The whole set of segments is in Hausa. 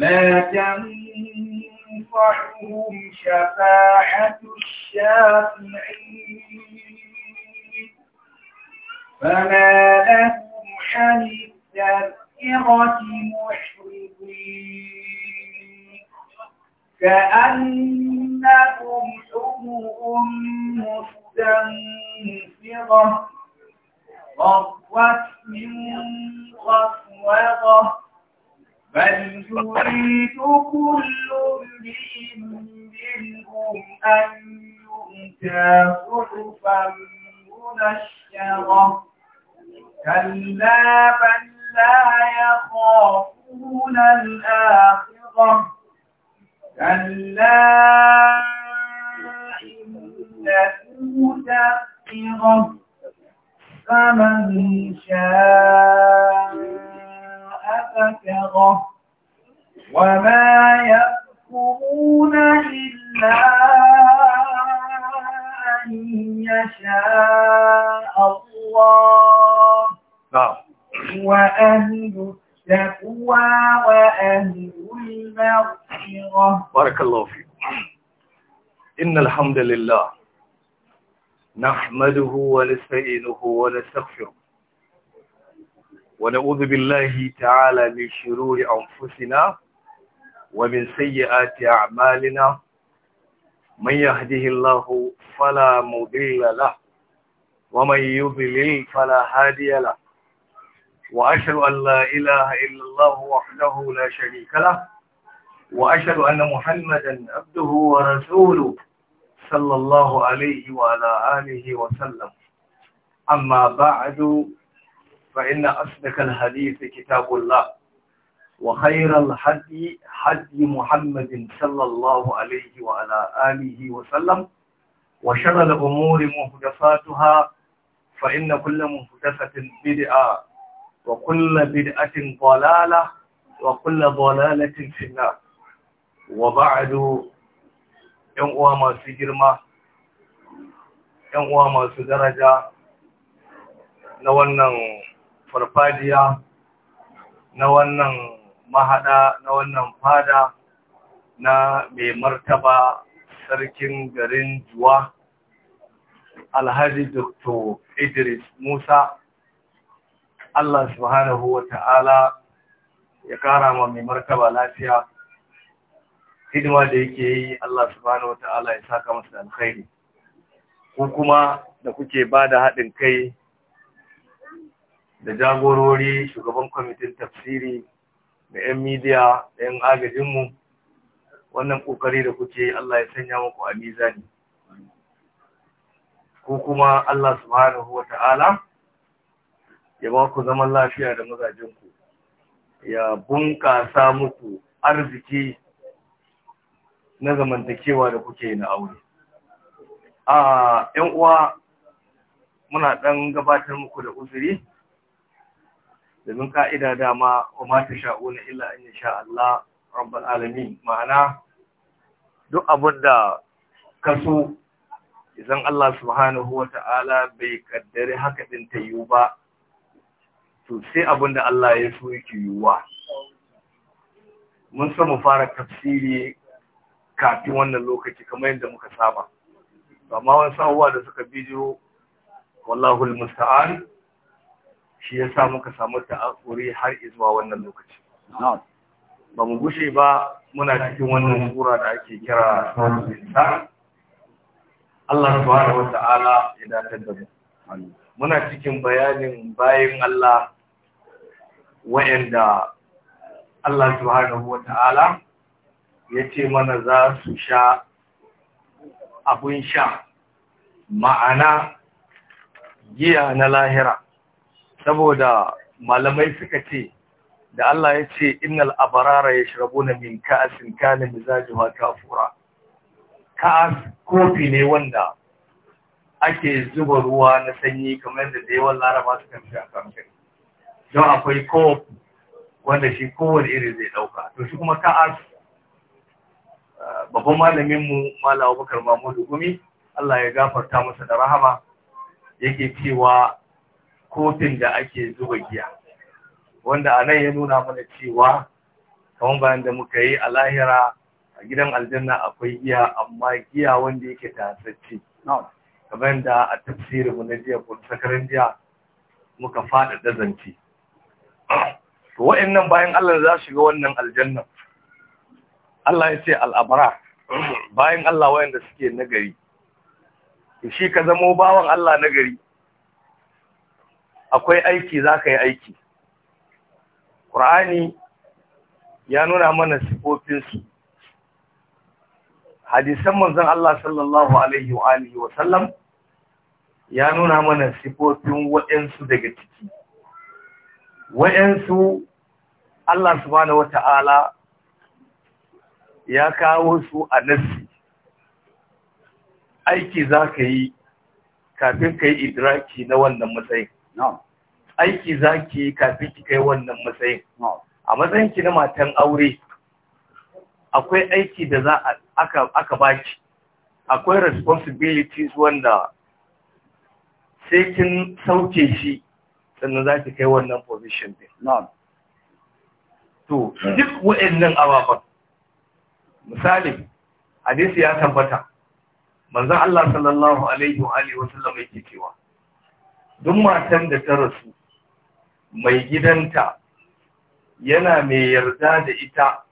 فما تنفعهم شفاعة الشافعين فما لهم عن التذكرة محرقين كأنهم حمر مستنفرة غضت من غفوة بل يريد كل امرئ منهم أن يؤتى صحفا منشرة كلا بل لا يخافون الآخرة كلا إنه تذكرة فمن شاء سكره وما يأكلون إلا أن يشاء الله نعم وأهل التقوى وأهل المغفرة بارك الله فيك إن الحمد لله نحمده ونستعينه ونستغفره ونعوذ بالله تعالى من شرور أنفسنا ومن سيئات أعمالنا من يهده الله فلا مضل له ومن يضلل فلا هادي له وأشهد أن لا إله إلا الله وحده لا شريك له وأشهد أن محمدا عبده ورسوله صلى الله عليه وعلى آله وسلم أما بعد فإن أصدق الحديث كتاب الله وخير الحدي حدي محمد صلى الله عليه وعلى آله وسلم وشر الأمور مهدفاتها فإن كل مهدفة بدعة وكل بدعة ضلالة وكل ضلالة في النار وبعد ينقوى ما سجرمه ‘yan uwa masu daraja na wannan farfadiya na wannan mahada na wannan fada na mai martaba sarkin garin juwa alhaji dr idris musa allah subhanahu wa ta'ala ya kara ma mai martaba lafiya hidima da yake yi allah subhanahu wa ta'ala ya saka masa alkhairi ko kuma da kuke ba da haɗin kai da jagorori shugaban kwamitin tafsiri da 'yan midiya da 'yan agajinmu wannan kokari da kuke Allah ya sanya muku a mizani ko kuma Allah subhanahu wa ta'ala ya ba ku zaman lafiya da mazajinku ya bunƙasa muku arziki na zamantakewa da kuke na aure a ah, 'yan uwa muna ɗan gabatar muku da uzuri domin ka'ida dama wa mata sha'una illa an sha Allah rabbal alamin ma'ana duk abin da kaso izan Allah subhanahu wa ta'ala bai kaddare haka ɗin ta yiwu ba to sai abin da Allah ya so yake yiwuwa mun mu fara tafsiri kafin wannan lokaci kamar yadda muka saba amma wani sabuwa da suka bidiyo wallahu musta'an shi ya sa muka samu ta'akuri har izuwa wannan lokaci ba mu gushe ba muna cikin wannan sura da ake kira sa Allah subhanahu Ta'ala ya datar da mu muna cikin bayanin bayan Allah wa'anda Allah subhanahu wata'ala ya ce mana za su sha abun sha ma'ana giya na lahira saboda malamai suka ce da Allah ya ce innal abarara na min ka'sin kana mizajuha fura. ka'as kofi ne wanda ake zuba ruwa na sanyi kamar da da yawan laraba su fi a kamfin don akwai kof wanda shi kowane iri zai dauka to shi kuma ka'as eh, babban malaminmu malawa bakar mamudu gumi Allah ya gafarta masa da rahama yake cewa kofin da ake zuba giya wanda a nan ya nuna mana cewa kamar bayan da muka yi a lahira a gidan aljanna akwai giya amma giya wanda yake tasirce kamar da a tafsirin mu na jiya ko sakarin jiya muka fada dazanci to wa'annan bayan Allah za su shiga wannan aljanna Allah ya ce al'abara bayan Allah wayanda suke nagari shi ka zamo bawan Allah nagari akwai aiki za ka yi aiki ƙur'ani ya nuna mana sifofinsu hadisan manzon Allah sallallahu alaihi wa alihi wa sallam ya nuna mana sifofin waɗansu daga ciki waɗansu Allah subhanahu ta’ala ya kawo su a nassi aiki za ka yi kafin ka yi idraki na wannan matsayin aiki za ki yi kafin ki kai wannan matsayin a matsayin ki na matan aure akwai aiki da za aka ba baki akwai responsibilities wanda sai kin sauke shi sannan za ki kai wannan position din to duk wa'annan ababen misali hadisi ya tabbata manzon Allah sallallahu alaihi wa alihi wa yake cewa duk matan da ta rasu mai gidanta yana mai yarda da ita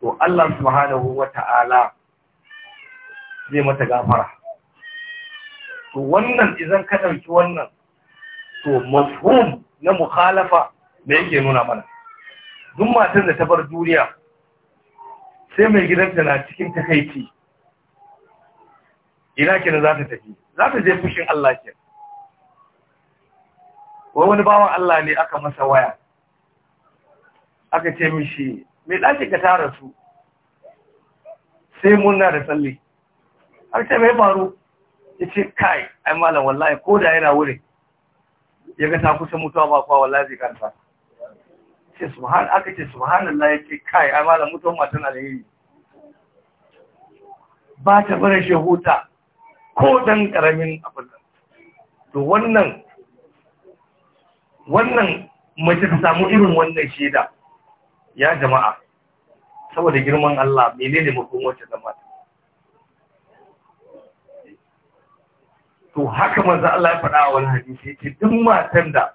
to Allah subhanahu wata'ala zai mata gafara to wannan idan ka ɗauki wannan to mafhum na mukhalafa da yake nuna mana duk matan da ta bar duniya sai mai gidanta na cikin takaici ina kina za ta tafi za ta je fushin Allah kenan wa wani bawan Allah ne aka masa waya aka ce mishi mai ɗaki ka tara su sai muna da tsalle aka ce mai faru ya ce kai ai malam wallahi ko da yana wurin ya ga ta kusa mutuwa ba kuwa wallahi zai karfa ce subhan aka ce Allah ya ce kai ai malam mutuwa matan alheri ba ta barin shi huta ko dan karamin abin to wannan wannan mace ta samu irin wannan shaida ya jama'a saboda girman Allah menene mafin wacce zama to haka manzo Allah ya faɗa a wani hadisi duk matan da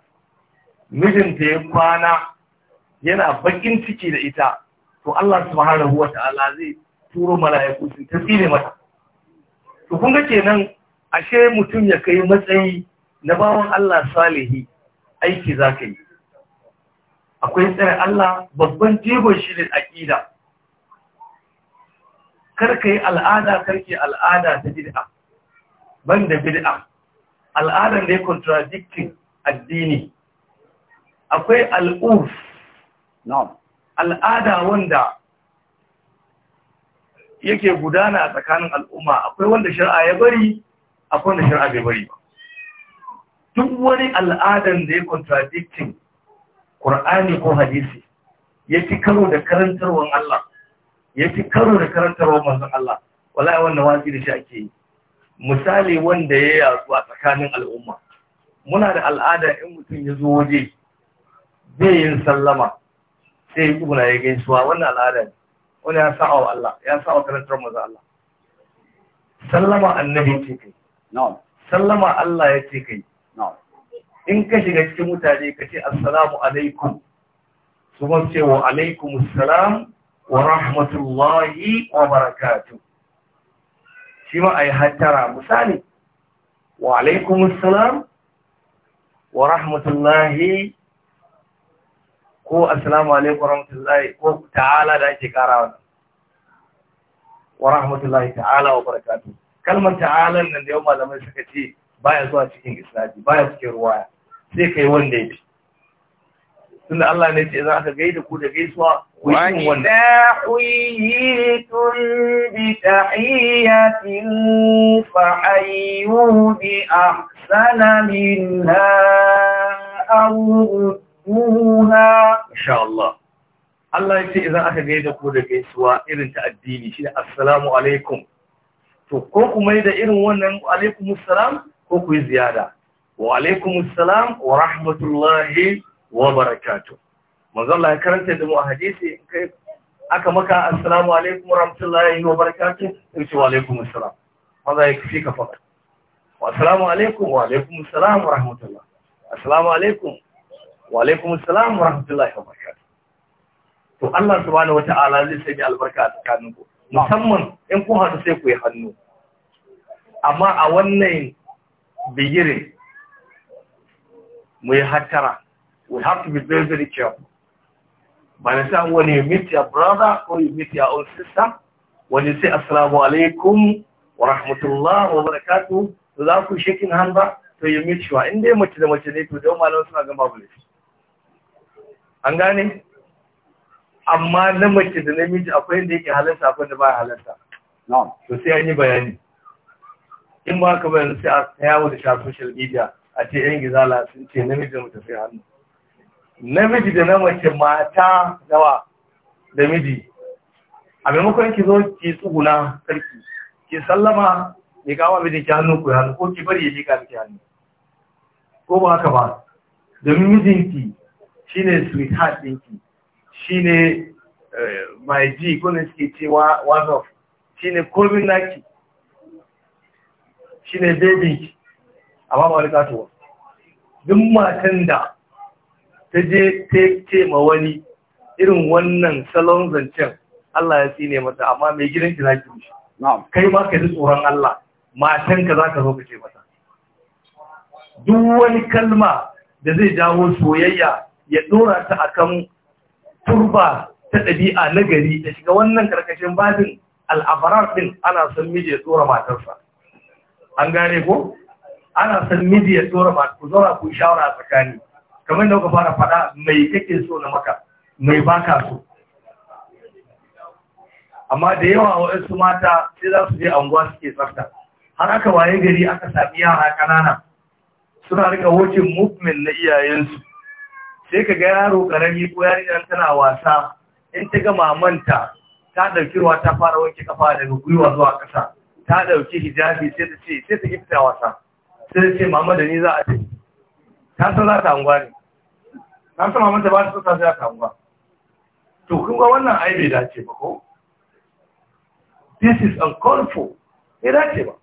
mijinta ya kwana yana bakin ciki da ita to Allah subhanahu wata'ala zai turo mala'iku su tasire mata to kun ga kenan ashe mutum ya kai matsayi na bawan Allah salihi aiki za ka yi akwai tsare Allah babban jebon shi ne aƙida karka yi al'ada karki al'ada ta bid'a ban da bid'a al'adar da ya contradicting addini akwai al'uf al'ada wanda yake gudana a tsakanin al'umma akwai wanda shari'a ya bari akwai wanda shari'a bai bari ba duk wani al'adan da ya contradicting ƙur'ani ko hadisi ya fi karo da karantarwar Allah ya fi karo da karantarwar manzon Allah wallahi wannan wasi da shi ake yi misali wanda ya yi a tsakanin al'umma muna da al'ada in mutum ya zo waje zai yin sallama sai kuna ya gaisuwa wannan al'ada ne wani ya sa'awa wa Allah ya sa'awa karantar maza Allah sallama annabi ce kai sallama Allah ya ce kai in ka shiga cikin mutane ka ce assalamu alaikum su ma ce wa alaikum assalam wa rahmatullahi wa barakatu shi ma a yi hattara misali wa alaikum assalam wa rahmatullahi ko assalamu alaikum wa rahmatullahi ko ta'ala da ake karawa wa rahmatullahi ta'ala wa barakatu kalmar ta'ala nan da yau malamai suka ce baya zuwa cikin islami baya cikin ruwaya sai kai wanda yake tunda Allah ne ce za ka gaida ku da gaisuwa ku yi wanda wa huyitum bi tahiyatin fa ayyu bi ahsana minha aw ruha insha Allah Allah ya ce idan aka gaida ku da gaisuwa irin ta addini shi assalamu alaikum to ko kuma da irin wannan alaikumus salam ko ku yi ziyara wa alaikum assalam wa rahmatullahi wa barakatuh manzo Allah ya karanta da mu a hadisi kai aka maka assalamu alaikum wa rahmatullahi wa barakatuh sai wa alaikum assalam maza ya fi ka faɗa wa assalamu alaikum wa alaikum assalam wa rahmatullah assalamu alaikum wa alaikum assalam wa rahmatullahi wa barakatuh to Allah subhanahu wata'ala zai sanya albarka a tsakaninku musamman in kun hadu sai ku yi hannu amma a wannan bigirin mu yi hattara we have to be very very careful by the time when you meet your brother or you meet your own sister when you say assalamu alaikum wa rahmatullah wa barakatuh to za ku shaking hand ba to you meet sure inda dai mace da mace ne to da malamin suna ga babu an gane amma na mace da namiji akwai inda yake halarta akwai da ba halarta to sai an yi bayani in ba ka bayani sai a yawo da sha social media a ce yan gizala sun ce namiji da mace sai hannu namiji da na mace mata dawa da miji a maimakon ki zo ki tsuguna sarki ki sallama ya kawo miji ki hannu ku hannu ko ki bari ya jika miki hannu ko ba haka ba domin mijinki ne sweetheart ɗinki ne eh, my g ko ne suke ce one shi ne komin naki ne babinki amma ba wani katuwa duk matan da ta je ce ma wani irin wannan salon zancen Allah ya tsine mata amma mai gidan ki zaki mishi kai ma ka ji tsoron Allah matan ka ka zo ka ce mata duk wani kalma da zai jawo soyayya ya dora ta akan turba ta ɗabi'a na gari da shiga wannan karkashin babin al'abarar ɗin ana son miji ya tsora matarsa an gane ko ana san miji ya tsora ba ku ku shawara a tsakani kamar da kuka fara faɗa mai kake so na maka mai baka so amma da yawa waɗansu mata sai za su je anguwa suke tsafta har aka waye gari aka sami yara ƙanana suna rika wucin movement na iyayensu sai ka ga yaro ƙarami ko yarinyar tana wasa in ta ga mamanta ta ɗauki ruwa ta fara wanke kafa daga gwiwa zuwa ƙasa ta ɗauki hijabi sai ta ce sai ta ifta wasa sai ce mama da ni za a ce ta san za ta hangwa ne ta san mama ta ba ta sosa za ta hangwa to kun ga wannan ai bai dace ba ko this is uncalled for bai dace ba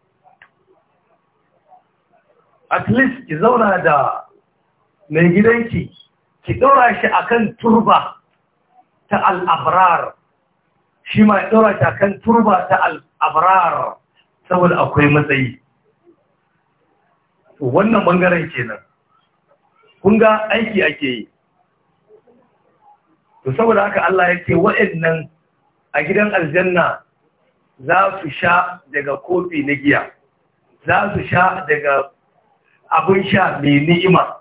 at least ki zauna da mai gidanki ki ɗora shi akan turba ta al'abrar shi ma ɗora shi akan turba ta al'abrar saboda akwai matsayi wannan bangaren kenan kun ga aiki ake yi to saboda haka Allah ya ce wa'annan a gidan aljanna za su sha daga kofi na giya za su sha daga abin sha mai ni'ima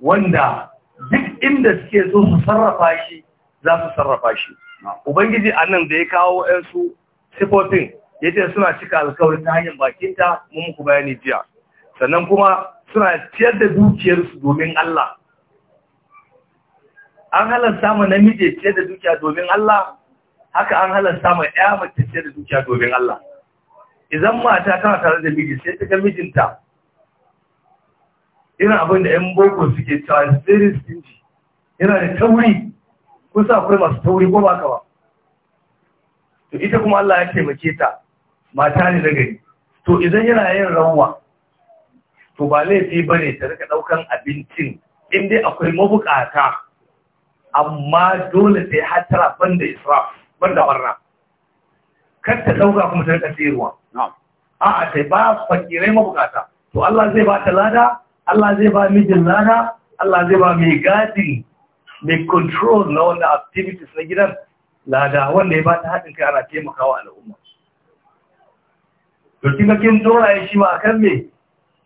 wanda duk inda suke so su sarrafa shi za su sarrafa shi ubangiji a nan da ya kawo wa'ansu sifofin ya ce suna cika alkawarin ta hanyar bakinta mun muku bayani jiya sannan kuma suna ciyar da dukiyarsu domin Allah an halarta ma namiji ciyar da dukiya domin Allah haka an halarta mu ƴa mace ciyar da dukiya domin Allah idan mata tana tare da miji sai ta ga mijinta ina abin da 'yan boko suke cewa spirit stingy yana da tauri kusa akwai masu tauri ko baka ba to ita kuma Allah ya taimake ta mata ne da gari to idan yana yin rawwa to ba laifi ba ne ta rika ɗaukan abincin inda akwai mabukata amma dole sai hatara banda israf banda barna kar ta ɗauka kuma ta rika tsiruwa a'a sai ba fakirai mabukata to Allah zai ba ta lada Allah zai ba mijin lada Allah zai ba mai gadi mai control na wanda activities na gidan lada wanda ya ba ta haɗin kai ana taimakawa al'umma Dokin kin ga kin shi ma akan me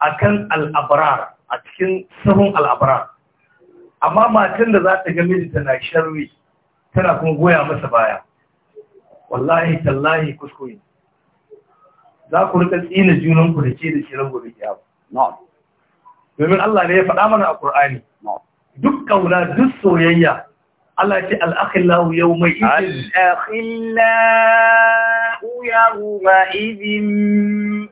akan al'abrar a cikin sahun al'abrar amma matan da za ta ga miji tana sharri tana kuma goya masa baya wallahi tallahi kuskure za ku rika tsina junanku da ke da shirin gobe kiyama domin Allah ne ya faɗa mana a Qur'ani duk ƙauna duk soyayya Allah ya ce al-akhillahu yawma idin al يومئذ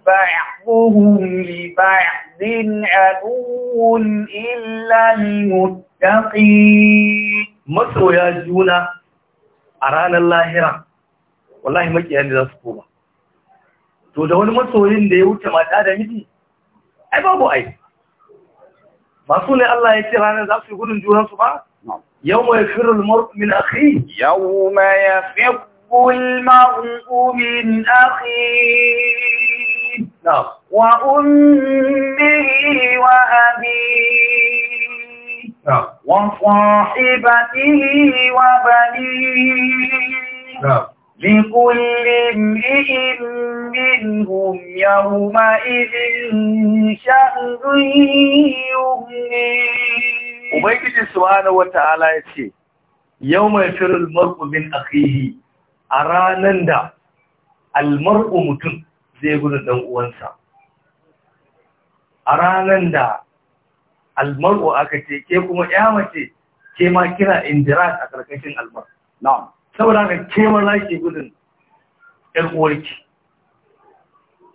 بعضهم لبعض عدو إلا المتقين مسو يا جونا الله اللاهرة والله ما كيان ذا سكوبا to da wani masoyin da ya wuce mata da miji ai babu ai masu ne Allah ya ce ranar za su yi gudun junansu ba yau mai firul mar'u min akhi yau ya يحب المرء من أخيه نعم وأمه وأبيه نعم وصاحبته وبنيه نعم لكل امرئ منهم يومئذ شأن يغنيه Ubangiji سبحانه وتعالى ya يوم Yau المرء من أخيه a ranar da almar'u mutum zai gudu ɗan uwansa a ranar da almar'u aka ce ke kuma ya mace ke ma kina indirat a ƙarƙashin almar na'am saboda haka ke ma za ki gudun ɗan uwarki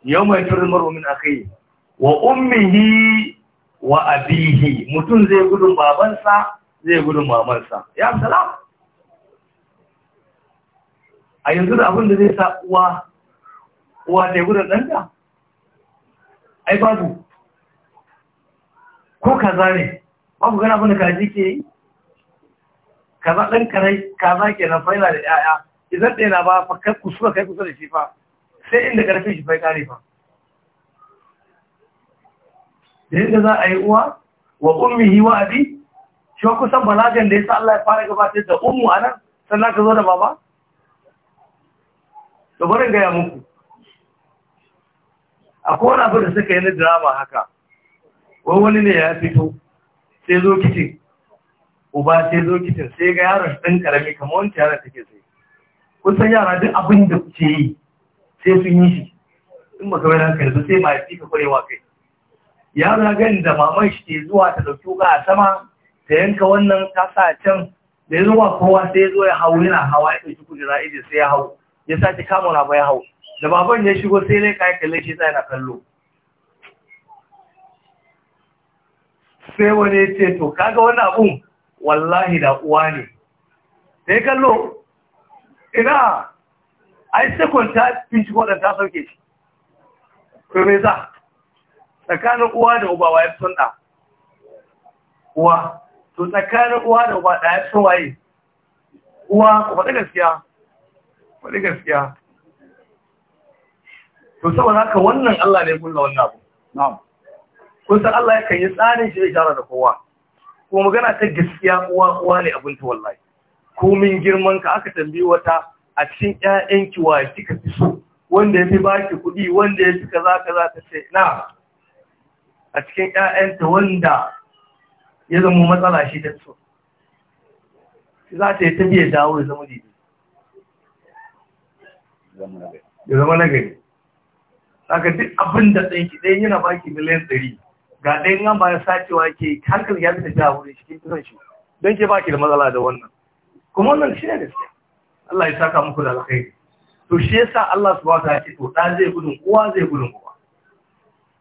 yau mai turin mar'u aka yi. wa ummihi wa abihi mutum zai gudun babansa zai gudun mamansa ya salam a yanzu da abin da zai sa uwa uwa ta yi gudun ɗanta ai babu ko kaza ne babu gana abin da kaji ke yi kaza ɗan karai kaza ke na faila da 'ya'ya idan ɗaya na ba fa kai kusa kai kusa da shi fa sai inda ƙarfi shi fai ƙare fa da yadda za a yi uwa wa ummihi wa abi shi kusan balagan da ya sa Allah ya fara gabatar da ummu anan sannan ka zo da baba to barin gaya muku akwai wani abin da suka yi na drama haka wani wani ne ya fito sai zo kicin uba sai zo kicin sai ga yaron ɗan ƙarami kamar wani yaron take sai kusan yara duk abin da ke yi sai sun yi shi in ba kawai ranka yanzu sai mahaifi ka kwarewa kai yaro gani da maman shi ke zuwa ta ɗauki wuka a sama ta yanka wannan kasa can da ya zuwa kowa sai ya zo ya hau yana hawa ya ɗauki kujera ije sai ya hau ya sake kama na ya hau da baban ya shigo sai dai kai kalle shi tsaya na kallo sai wani ya ce to kaga wani abun wallahi da uwa ne sai kallo ina ai sekon ta fi shi ta sauke shi to me za tsakanin uwa da uba waye sun da uwa to tsakanin uwa da uba da ya sun waye uwa ku faɗi gaskiya wani gaskiya to saboda haka wannan Allah ne kulla wannan abu na'am kun san Allah yakan yi tsarin shi ishara da kowa kuma magana ta gaskiya kowa kowa ne abin ta wallahi min girman ka aka tambayi wata a cikin ki wa kika fi so wanda ya fi baki kuɗi wanda ya fi kaza kaza ta ce na a cikin ta wanda ya zama matsala shi ta so za ta yi tafiya dawo ya zama daidai ya zama na gari saka duk abin da ɗanki ɗaya yana baki miliyan ɗari ga ɗayan an bayan sacewa ke hankali ya fita wurin shi kisan shi don ke baki da matsala da wannan kuma wannan shi ne gaskiya Allah ya saka muku da alkhairi to shi yasa Allah su wa ya ce to ɗa zai gudun uwa zai gudun uwa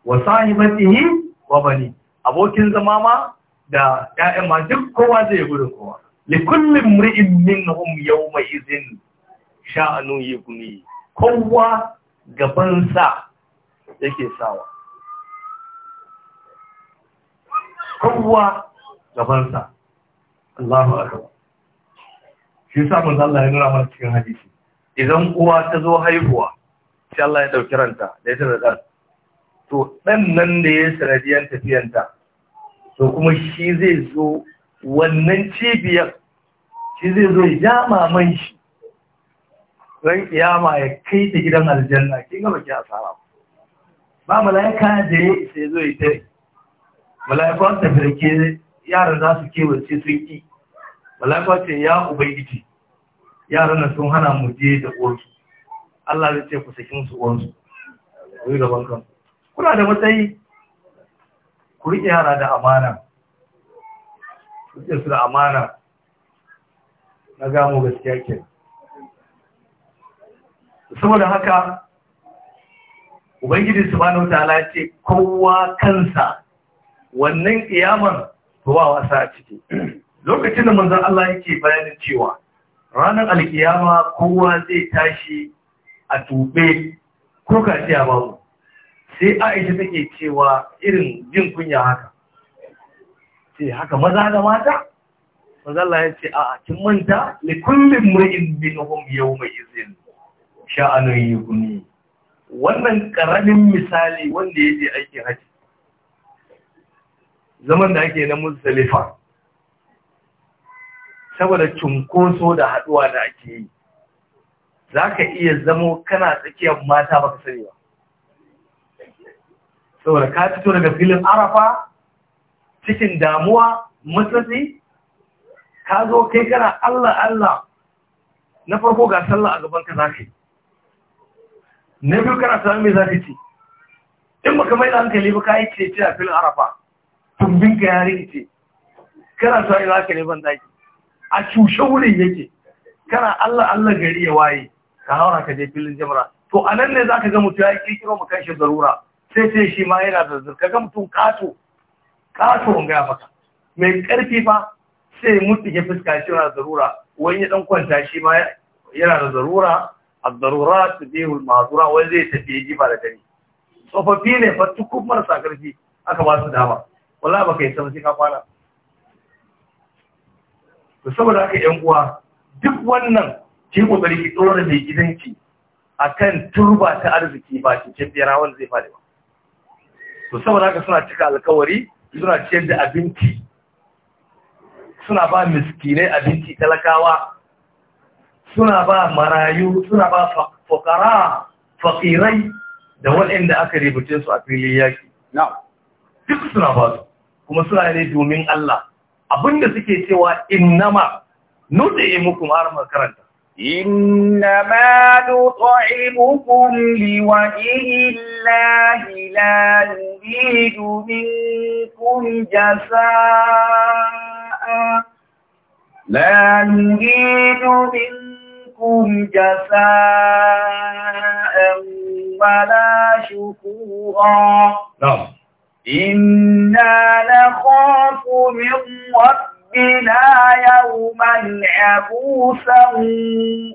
wa sahibatihi wa bani abokin zama ma da ƴaƴan ma duk kowa zai gudun kowa li kulli yau minhum yawma idhin sha'anun yi kuni kowa gabansa yake sawa kowa gabansa Allahu ba. shi sa Allah ya nuna mana cikin hadisi idan uwa ta zo haihuwa shi Allah ya ɗauki ranta da ita da ɗan, to ɗan nan da ya sanadiyan tafiyanta to kuma shi zai zo wannan cibiyar shi zai zo ya man shi ran kiyama ya kai ta gidan aljanna kin ga baki asara ba malaika da ya sai zo ita malaika ta firke yaran za su kewace sun ki malaika ce ya ubangiji yaran nan sun hana mu je da uwansu Allah zai ce ku sakin su uwansu ku yi gaban kan kuna da matsayi ku riƙe yara da amana ku riƙe su da amana na gamo gaskiya kenan saboda haka ubangiji subhanahu ta'ala ce kowa kansa wannan ƙiyamar zuwa wasa a ciki lokacin da manzan Allah yake bayanin cewa ranar alkiyama kowa zai tashi a tube ko kaciya babu sai Aisha take cewa irin jin kunya haka sai haka maza da mata manzon Allah ya ce a'a kin manta li kulli mar'in minhum mai izin sha'anin yukuni wannan karamin misali wanda ya je aikin haji zaman da ake na musulifa saboda cunkoso da haduwa da ake yi za ka iya zamo kana tsakiyar mata ba ka sani ba saboda ka fito daga filin arafa cikin damuwa matsatsi ka zo kai kana allah allah na farko ga sallah a gaban ka za na biyu kana samun mai zafi ce in ba kamar idan hankali ba ka yi ce a filin arafa tumbin ka yare ce kana yi zaka ne ban daki a cushe wurin yake kana Allah Allah gari ya waye ka haura ka je filin jamra to a nan ne zaka ga mutum ya kirkiro mu kanshi zarura sai sai shi ma yana da zurka ga mutum kato kato in ga maka mai karfi fa sai mutu ya fuska shi yana da zarura wani ya dan kwanta shi ma yana da zarura الضرورات دي tudihul وزي wai zai tafi ji ba da gani tsofaffi ne fa tukun marasa karfi aka ba su dama baka yi ka fara to haka yan uwa duk wannan ki kokari ki dora mai gidanki akan turba ta arziki ba ki ce berawan zai fadi ba to haka suna cika alkawari suna ciyar da abinci suna ba miskinai abinci talakawa suna ba marayu suna ba fakara fakirai da waɗanda aka ribuce su a filin yaƙi. duk suna ba su kuma suna ne domin Allah abinda suke cewa innama nuɗe muku har makaranta إنما نطعمكم لوجه الله لا domin kun jasa a نريد منكم لكم جزاء ولا شكورا نعم إنا نخاف من ربنا يوما عبوسا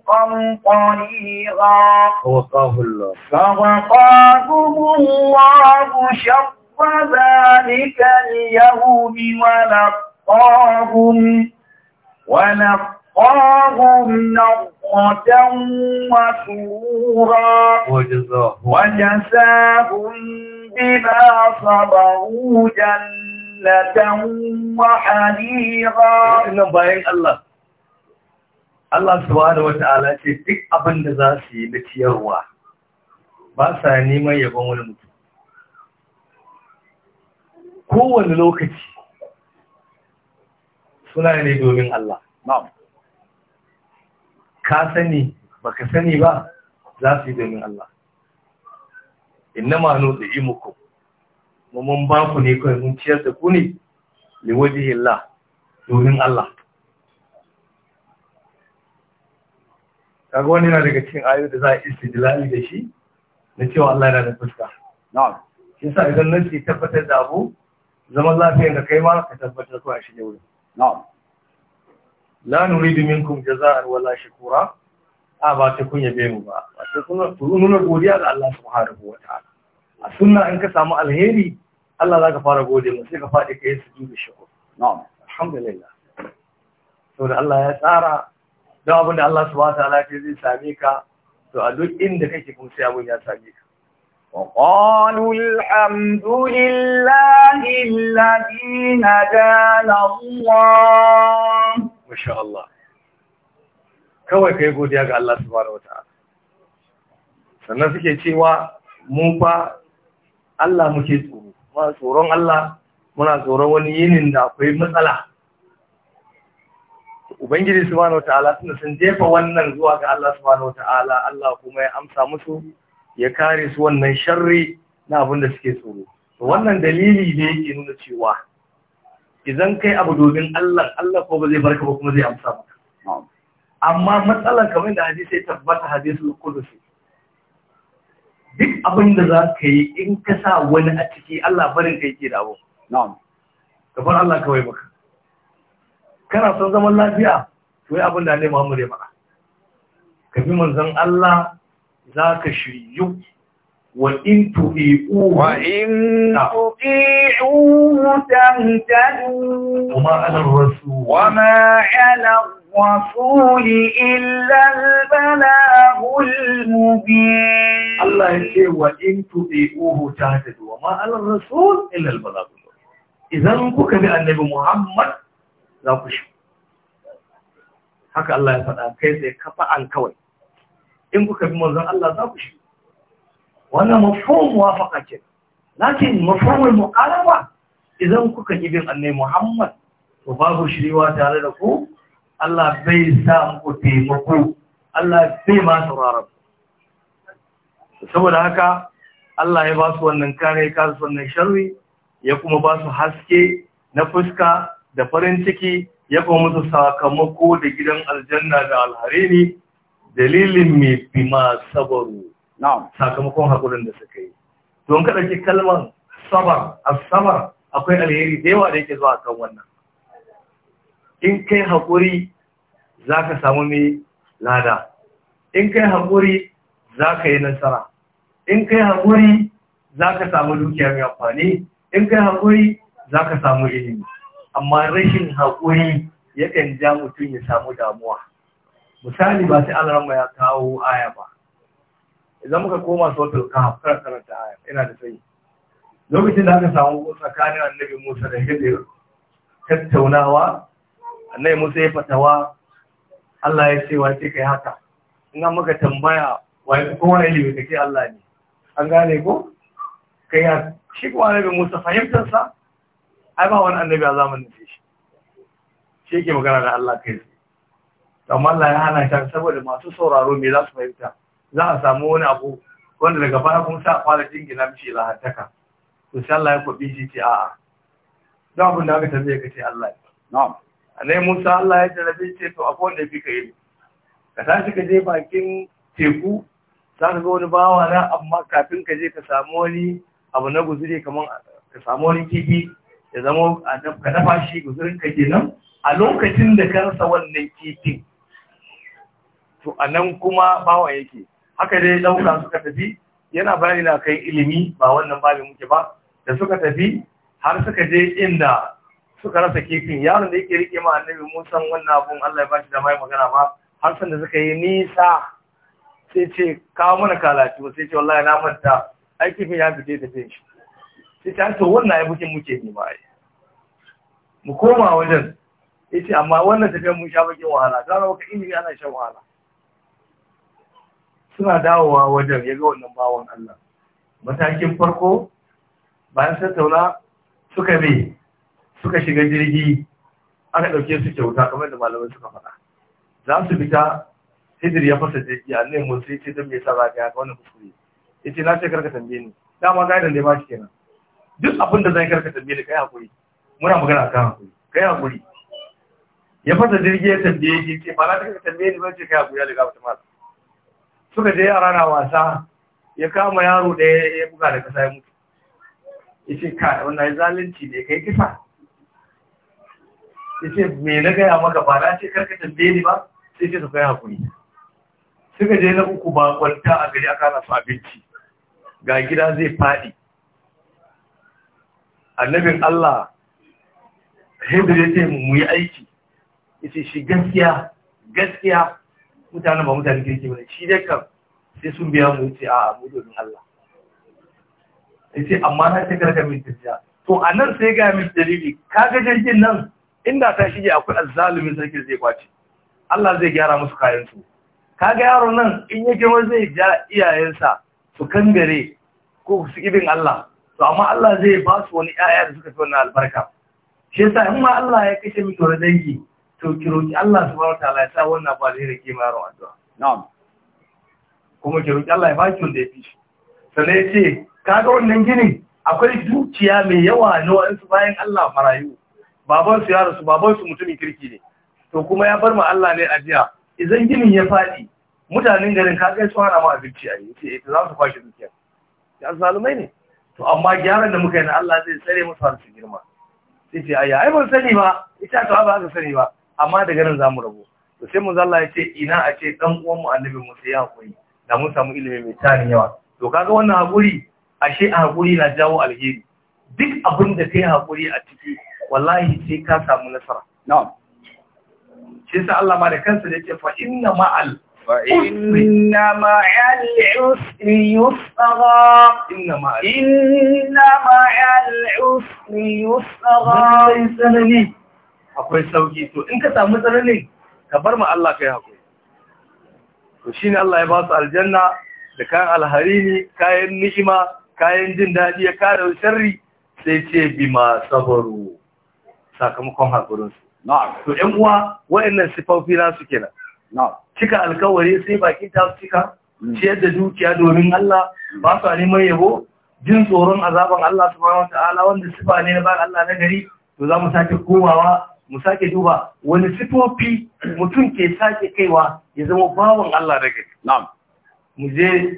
قمطريرا وقاه الله فوقاهم الله شر ذلك اليوم ولقاهم ولقاهم وسقاهم نضرة وسرورا وجزاهم بما صبروا جنة وحريرا إنه Allah الله الله ce duk abin da za su yi da ciyarwa ba sa wani Kowane lokaci suna ne domin Allah. Na'am. ka sani ba ka sani ba za su yi domin Allah Inna nu da imukum mu mun ba ku ne kai mun ciyar da ku ne liwajihi Allah domin Allah kaga wani yana daga cikin ayoyi da za a istidlali da shi na cewa Allah yana da fuska na'am shi sa idan nan tabbatar da abu zaman lafiyar da kai ma ka tabbatar ko a shi ne wuri. na'am la nuridu minkum jaza'an wala shukura a ba ta kunya yabe mu ba ba ta nuna godiya ga Allah subhanahu wa ta'ala a sunna in ka samu alheri Allah za ka fara gode mu sai ka faɗi kai sujudu shukr na'am alhamdulillah da Allah ya tsara don abin da Allah subhanahu wa ta'ala ce zai same ka to a duk inda kake kuma sai abin ya same ka وقالوا الحمد لله الذي هدانا الله masha Allah kawai kai godiya ga Allah subhanahu ta'ala sannan suke cewa mu fa Allah muke tsoro muna tsoron Allah muna tsoron wani yinin da akwai matsala ubangiji subhanahu ta'ala suna sun jefa wannan zuwa ga Allah subhanahu ta'ala Allah kuma ya amsa musu ya kare su wannan sharri na abin da suke tsoro wannan dalili ne yake nuna cewa idan kai abu domin Allah Allah ko ba zai barka ba kuma zai amsa maka amma matsalar kamar da hadisi sai tabbata na qudusi duk abin da za ka yi in ka sa wani a ciki Allah barin ka ke dawo abu na'am kafar Allah kawai baka kana son zaman lafiya to yi abin da ne Muhammad ya faɗa ka bi manzon Allah za ka shiryu وإن تطيعوه وإن تطيعوه تهتدوا وما على الرسول وما على الرسول إلا البلاغ المبين الله يقول وإن تطيعوه تهتدوا وما على الرسول إلا البلاغ المبين إذا نبك النبي محمد لا تشك haka Allah ya faɗa kai sai kafa alkawai in kuka bi manzon Allah za ku shi wannan mafhum muwafaqa ce lakin mafhumul muqalaba idan kuka ki bin annabi Muhammad to babu shiriwa tare da ku Allah bai sa muku taimako Allah bai ma saurara saboda haka Allah ya ba su wannan kare ka su wannan sharri ya kuma ba su haske na fuska da farin ciki ya kuma musu sakamako da gidan aljanna da alharini dalilin mai bima sabaru sakamakon haƙurin da suka yi don ka ɗauki kalmar sabar asabar akwai alheri da yawa da yake zuwa kan wannan in kai haƙuri za ka samu mai lada in kai haƙuri za ka yi nasara in kai haƙuri za ka samu dukiya mai amfani in kai haƙuri za ka samu ilimi amma rashin haƙuri yakan ja mutum ya samu damuwa misali ba sai Allah ya kawo aya ba idan muka koma ka kahf kar karanta aya ina da sai lokacin da aka samu tsakanin annabi Musa da Khidir tattaunawa annabi Musa ya fatawa Allah ya ce wa ce kai haka in an maka tambaya wai ko wani ilimi kake Allah ne an gane ko kai ya shi kuma annabi Musa fahimtarsa ai ba wani annabi a zamanin shi shi yake magana da Allah kai amma Allah ya hana shi saboda masu sauraro me za su fahimta za a samu wani abu wanda daga baya kuma sa fara jingina mishi lahantaka to sai Allah ya kwabi shi ce a'a za abin da aka tambaye ka ce Allah na'am anai Musa Allah ya jarabe ce to akwai wanda fi ka yi ka tashi ka je bakin teku za ka ga wani bawa na amma kafin ka je ka samu wani abu na guzuri kamar ka samu wani kifi ya zama ka dafa shi guzurin ka kenan a lokacin da ka rasa wannan kifin to a nan kuma bawa yake haka dai ɗauka suka tafi yana bayani na kai ilimi ba wannan babin muke ba da suka tafi har suka je inda suka rasa kifin yaron da yake rike ma annabi musan wannan abun Allah ya bashi da mai magana ba har san da suka yi nisa sai ce kawo mana kalaci sai ce wallahi na manta ai kifin ya fite da shi sai ce to wannan ai muke ne ba ai mu koma wajen yace amma wannan tafiyar mun sha bakin wahala ga rawa ilimi ana shan wahala suna dawowa wajen ya ga wannan bawon Allah matakin farko bayan tattauna suka bi suka shiga jirgi aka ɗauke su kyauta kamar da malamai suka faɗa za su fita hidir ya fasa jirgi a nemo musu ya ce don mai sa ga ka yaka wannan kuskure ya ce na ce karka tambaye ni dama gaidan da ya bashi kenan duk abin da zai karka tambaye ni kai hakuri muna magana kan hakuri kai hakuri ya fasa jirgi ya tambaye shi ce ba na ta karka tambaye ni ba ce kai hakuri ya riga wata mata suka je yara na wasa ya kama yaro da ya buga da kasa ya mutu ya ce ka zalunci da ya kai kisa ya ce me na gaya maka ba na ce karka tambaye ni ba sai ce su kai hakuri suka je na uku ba kwanta a gari aka su abinci ga gida zai faɗi annabin Allah Hebrew ya ce mu yi aiki ya ce shi gaskiya gaskiya mutanen ba mutane kirki bane shi dai kan sai sun biya mu yace a mu domin Allah yace amma na ce karka min tafiya to a nan sai ga min dalili kaga jirgin nan inda ta shige akwai azzalumin sarki zai kwace Allah zai gyara musu kayan su kaga yaro nan in ya girma zai ja iyayensa su kangare ko su ibin Allah to amma Allah zai ba su wani 'ya'ya da suka fi wannan albarka shi yasa in ma Allah ya kashe min wani dangi to ki roki Allah subhanahu ta'ala ya sa wannan ba zai rike ma yaron addu'a na'am kuma ki roki Allah ya baki wanda yafi shi sai ya ce kaga wannan gini akwai dukiya mai yawa na wa'ansu bayan Allah marayu baban su ya rasu, baban su mutumin kirki ne to kuma ya bar ma Allah ne ajiya idan ginin ya faɗi mutanen garin ka kai su hana ma abinci a yi sai ita eh, za su kwashe dukiya ya zalumai ne to amma gyaran da muka yi na Allah zai tsare musu har su girma sai ce ayya ai ban sani ba ita ta ba aka sani ba amma daga nan zamu rabu to sai mu zalla ya ce ina a ce dan uwan mu annabi Musa ya hakuri da mu samu ilimi mai tarin yawa to kaga wannan hakuri ashe hakuri na jawo alheri duk abin da kai hakuri a ciki wallahi sai ka samu nasara na'am shi sa Allah ma da kansa da fa inna ma'al inna akwai sauki to in ka samu tsanani ka bar ma Allah kai hakuri to shine Allah ya ba su aljanna da kayan alharini kayan ni'ima kayan jin daɗi ya kare sharri sai ce bima sabaru sakamakon hakurin su to ƴan uwa waɗannan sifofi na su kenan cika alkawari sai baki ta cika mm. ciyar da dukiya domin Allah mm. ba su neman yabo jin tsoron azaban Allah subhanahu wataala wanda sifa ne na bayan Allah na gari to za mu sake komawa mu sake duba wani sifofi mutum ke sake kaiwa ya zama bawan Allah daga na'am mu je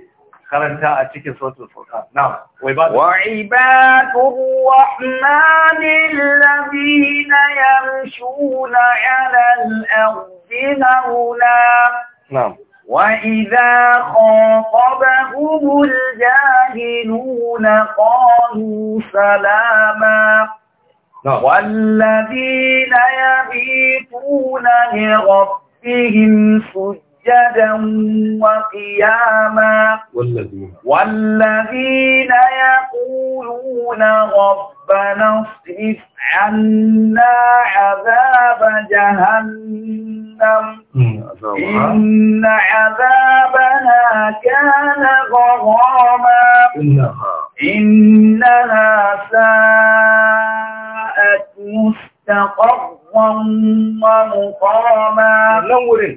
karanta a cikin sautin sauka. na'am wa ibadu wa ibadur rahmanil ladina yamshuna 'alal ardi hawla na'am وَإِذَا خَاطَبَهُمُ الْجَاهِلُونَ قَالُوا salama? والذين يبيتون لربهم سجدا وقياما والذين, والذين يقولون ربنا اصرف عنا عذاب جهنم إن عذابها كان غراما إنها ساعة nan wurin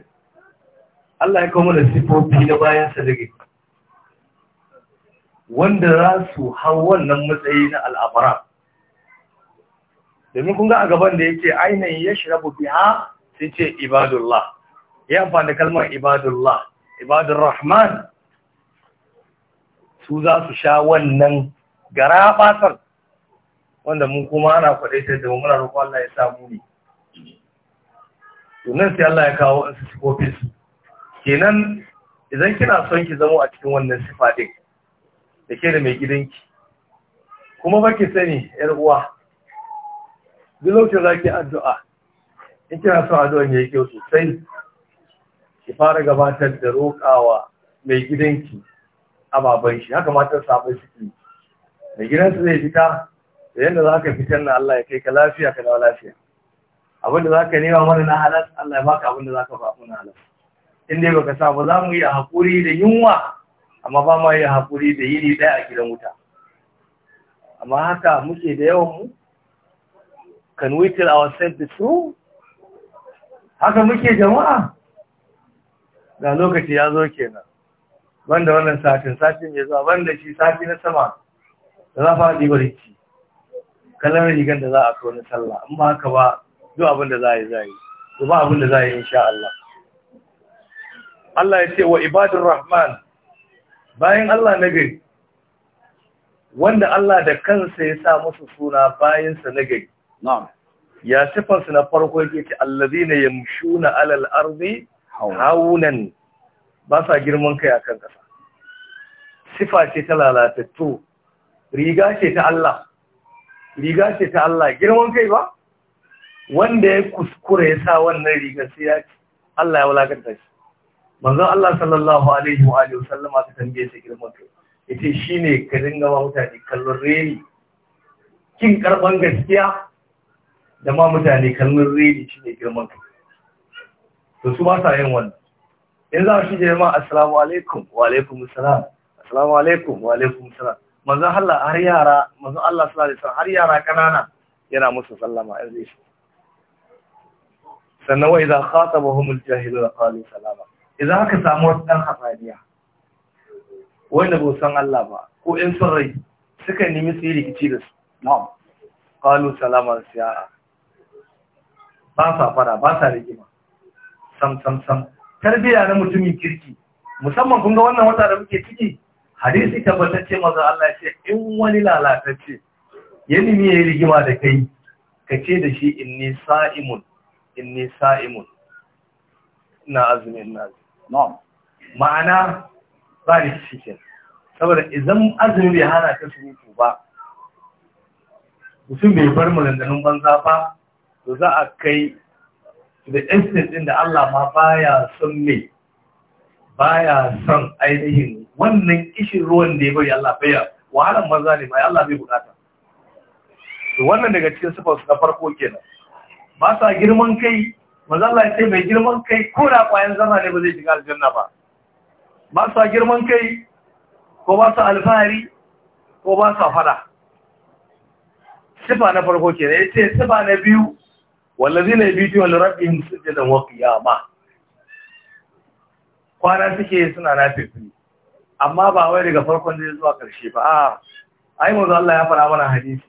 Allah ya kawo mana sifofi na bayan sadaka wanda za su hau wannan matsayi na al'amara domin kunga a gaban da yake ainihin ya rabu biya", sai ce ibadullah ya amfani da kalmar ibadullah ibadun rahman su za su sha wannan gara basar wanda mun kuma ana kwadaitar da muna roƙon Allah ya samu ne to nan sai Allah ya kawo su sifofin su kenan idan kina son ki zama a cikin wannan sifa ɗin da ke da mai gidanki kuma ba ki sani yar uwa duk lokacin za ki addu'a in kina son addu'an ya yi kyau sosai ki fara gabatar da roƙawa mai gidanki ababen shi haka matar sabon suke mai gidansu zai fita yadda za ka fitar na Allah ya kai ka lafiya ka dawo lafiya abinda za ka nema mana na halas Allah ya baka abinda za ka ba mu na halas in dai baka sa ba za mu yi haƙuri da yunwa amma ba ma yi haƙuri da yini daya a gidan wuta amma haka muke da yawan mu can we tell ourselves the truth haka muke jama'a ga lokaci ya zo kenan banda wannan satin satin ya zo banda shi sati na sama da za fa rikici Kalar rigar da za a so na sallah in ba haka ba duk abin da za a yi za a yi to ba abin da za a yi insha Allah Allah ya ce wa ibadur rahman bayan Allah na gari wanda Allah da kansa ya sa musu suna bayansa na gari na'am ya su na farko yake ce allazina yamshuna alal ardi haunan ba sa girman kai akan kasa sifa ce ta lalatattu riga ce ta Allah riga ce ta Allah girman kai ba wanda ya kuskure ya sa wannan riga sai ya ci Allah ya wulakanta shi manzon Allah sallallahu alaihi wa alihi wasallama ta tambaye shi girman kai yace shine ka dinga ba mutane kallon reni kin karban gaskiya da ma mutane kallon reni shine girman kai to su ba sa yin wannan Yanzu za shi jama'a assalamu alaikum wa alaikum assalam assalamu alaikum wa alaikum assalam Mazan Allah har yara manzo Allah sallallahu alaihi wasallam har yara kanana yana musu sallama irin shi sannan wa idza khatabahum aljahilu qalu salama idan aka samu wasu dan hafaniya wanda ba san Allah ba ko in sirri rai suka nemi su yi rikici da su na'am qalu salama siya ba sa fara ba sa rigima sam sam sam tarbiya na mutumin kirki musamman kun ga wannan wata da muke ciki hadisi tabbatacce mazan Allah ce in wani lalatacce ya nemi ya yi rigima da kai ka ce da shi inni sa'imun inni sa'imun ina azumin na. ma'ana ba da shi saboda idan azumi bai hana ta surutu ba mutum bai bar mulandanin banza ba to za a kai da instant ɗin da Allah ma baya son ba baya son ainihin wannan kishin ruwan da ya bari Allah bai wahalan maza ne bai Allah bai bukata to wannan daga cikin sifar su na farko kenan ba sa girman kai maza Allah ya ce mai girman kai ko da kwayan zama ne ba zai shiga aljanna ba ba sa girman kai ko ba sa alfahari ko ba sa fada sifa na farko kenan ya ce sifa na biyu wallazi na biyu wal rabbihim sujudan wa qiyama kwana suke suna nafi amma ba wai daga farkon zai zuwa ƙarshe ba a ai mu Allah ya fara mana hadisi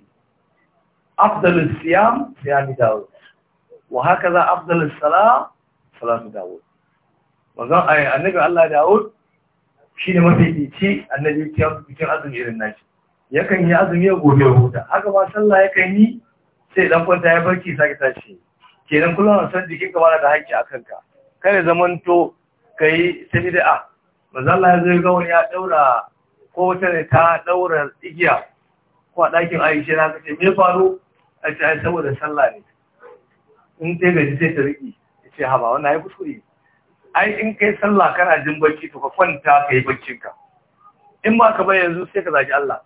afdalus siyam siyam dawo. wa haka za afdalus sala salatu dawo. wannan ai annabi Allah Dawud shine mafi dici annabi cikin azumi irin nashi yakan yi azumi ya gobe huta haka ma sallah yakan yi sai dan kwanta ya barki sake tashi kenan kullum san jikin ka da hakki akan ka kare zamanto kai sai ah. manzala ya zai gawon ya daura ko wata ne ta daura igiya ko a ɗakin aisha na kashe me faru a ce ai saboda sallah ne in dai gaji sai ta riƙi ya ce haba wannan ya kuskure ai in kai sallah kana jin bacci to ka kwanta ka yi baccinka in ba ka bai yanzu sai ka zagi Allah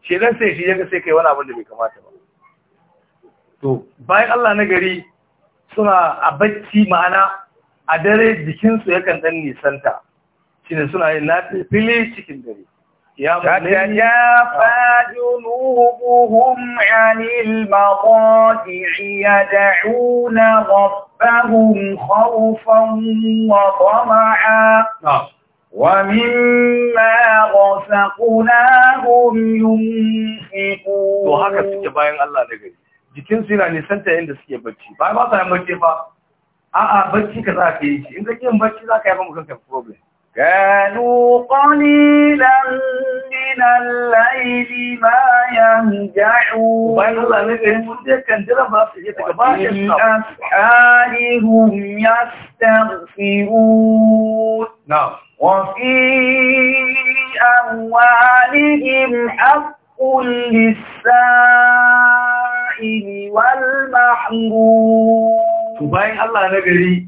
shi dan sai shi yaga sai kai wani abin da bai kamata ba to bayan Allah na gari suna a bacci ma'ana a dare jikinsu yakan dan nisanta shine suna yin lafi fili cikin dare Ya تتجافى جنوبهم عن المضاجع يدعون ربهم kuna وطمعا yi رزقناهم ku? to haka suke bayan Allah da gari jikin su yana nisanta yadda suke bacci ba ba sa bacci ba a'a bacci ka za ka yi shi in ka yin bacci za ka yi ba mu kanka problem كانوا قليلا من الليل ما يهجعون وفي الأسحار هم يستغفرون نعم وفي أموالهم حق للسائل والمحروم bayan Allah na gari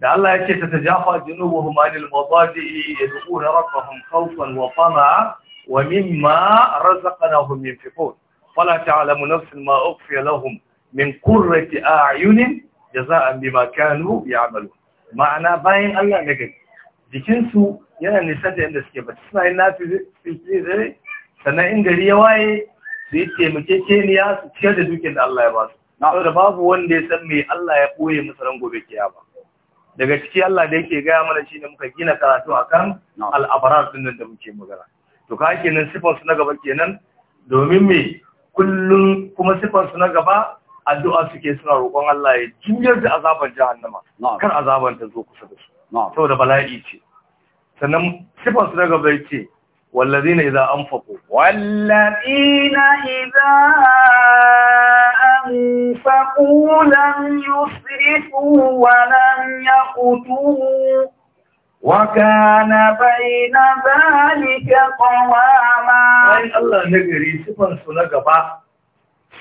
da Allah ya ce ta tajafa junubuhum anil madaji'i yad'una rabbahum khawfan wa tama'a wa mimma razaqnahum yunfiqun fala ta'lamu nafsun ma ukhfiya lahum min qurrati a'yunin jaza'an bima kanu ya'malun ma'ana bayan Allah daga jikin su yana nisan da yanda suke bacci suna yin nafi sannan in gari ya waye su yi taimakekeniya su ciyar da dukin da Allah ya ba su babu wanda ya san me Allah ya ɓoye musu ran gobe kiyama daga ciki Allah da yake gaya mana shi ne muka gina karatu a kan al'abarar sunan da muke magana. To ka kenan siffarsu na gaba kenan domin me kullum kuma siffarsu na gaba addu'a suke suna roƙon Allah ya juyar da azaban jahannama kar azaban ta zo kusa da su. Saboda bala'i ce. Sannan siffarsu na gaba ya ce wallazina إذا أنفقوا أنفقوا لم يسرفوا ولم يقتلوا وكان بين ذلك قواما أي الله نجري سفن سنقبا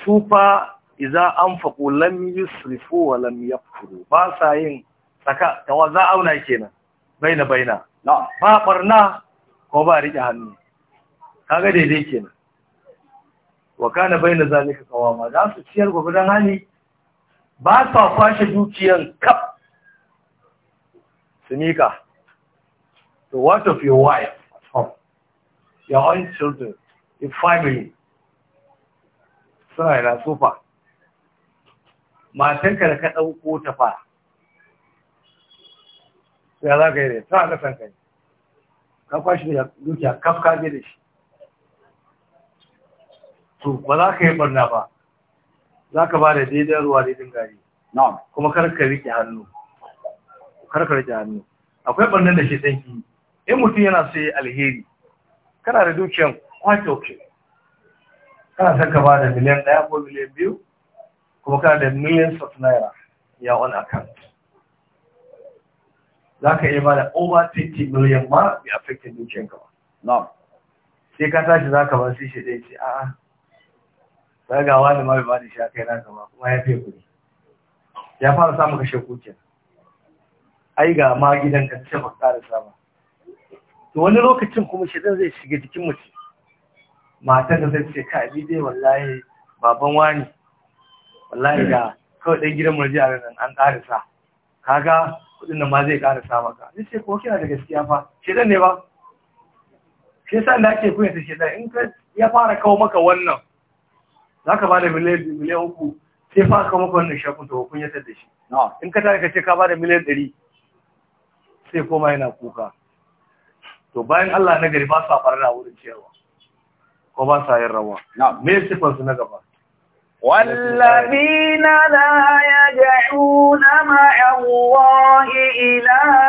سوفا إذا أنفقوا لم يسرفوا ولم يقتلوا يقتروا باسعين سكا توزع أو نايكينا بين بين لا ما برنا ko ba riƙe hannu kaga daidai kenan wa kana bayna zalika qawama za su ciyar gobe hali ba sa kwashe dukiyan kaf Sunika, to what of your wife at home, your own children, your family, suna da sofa, ka da ka ɗauko ta fa, ya za ka yi da ta ga san kai, ka kwashe dukiya kaf ka je da shi. to ba za ka yi barna ba za ka ba da daidai ruwa daidai gari kuma kar ka riƙe hannu kar ka riƙe hannu akwai barnan da shi tsanki in mutum yana so alheri kana da dukiyan kwace oke kana son ka ba da miliyan ɗaya ko miliyan biyu kuma kana da miliyan of naira ya on account za ka iya ba da over 50 miliyan ma bi affected dukiyan ka ba sai ka tashi za ka ba sai shi ɗaya ce a'a daga wani ma bai ba da shi a kai na gama kuma ya fi kuɗi ya fara samun kashe kuke ai ga ma gidan ka ce ba ƙara sama to wani lokacin kuma shi zai shiga jikin mace matan da zai ce ka abi dai wallahi baban wani wallahi da kawai dan gidan murji a nan an sa, kaga kuɗin nan ma zai sama maka zai ce ko kina da gaskiya fa shi shedan ne ba shi yasa da ake shi shedan in ka ya fara kawo maka wannan za ka ba da miliyan uku sai fa aka maka wannan shakun to kun yatar da shi in ka tare ka ce ka ba da miliyan ɗari sai koma yana kuka to bayan Allah na gari ba su sa barna wurin ciyarwa ko ba su yin rawa me sifar su na gaba والذين لا يدعون مع الله إلها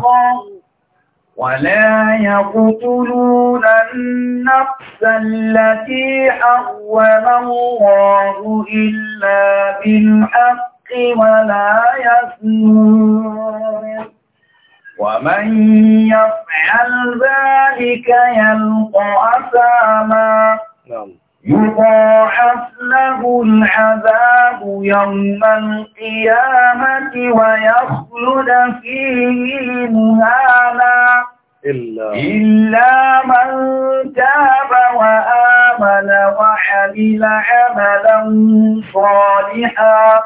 آخر ولا يقتلون النفس التي حرم الله إلا بالحق ولا يسنون ومن يفعل ذلك يلقى أساما نعم يضاعف له العذاب يوم القيامة ويخلد فيه مهانا إلا, إلا من تاب وآمن وعمل عملا صالحا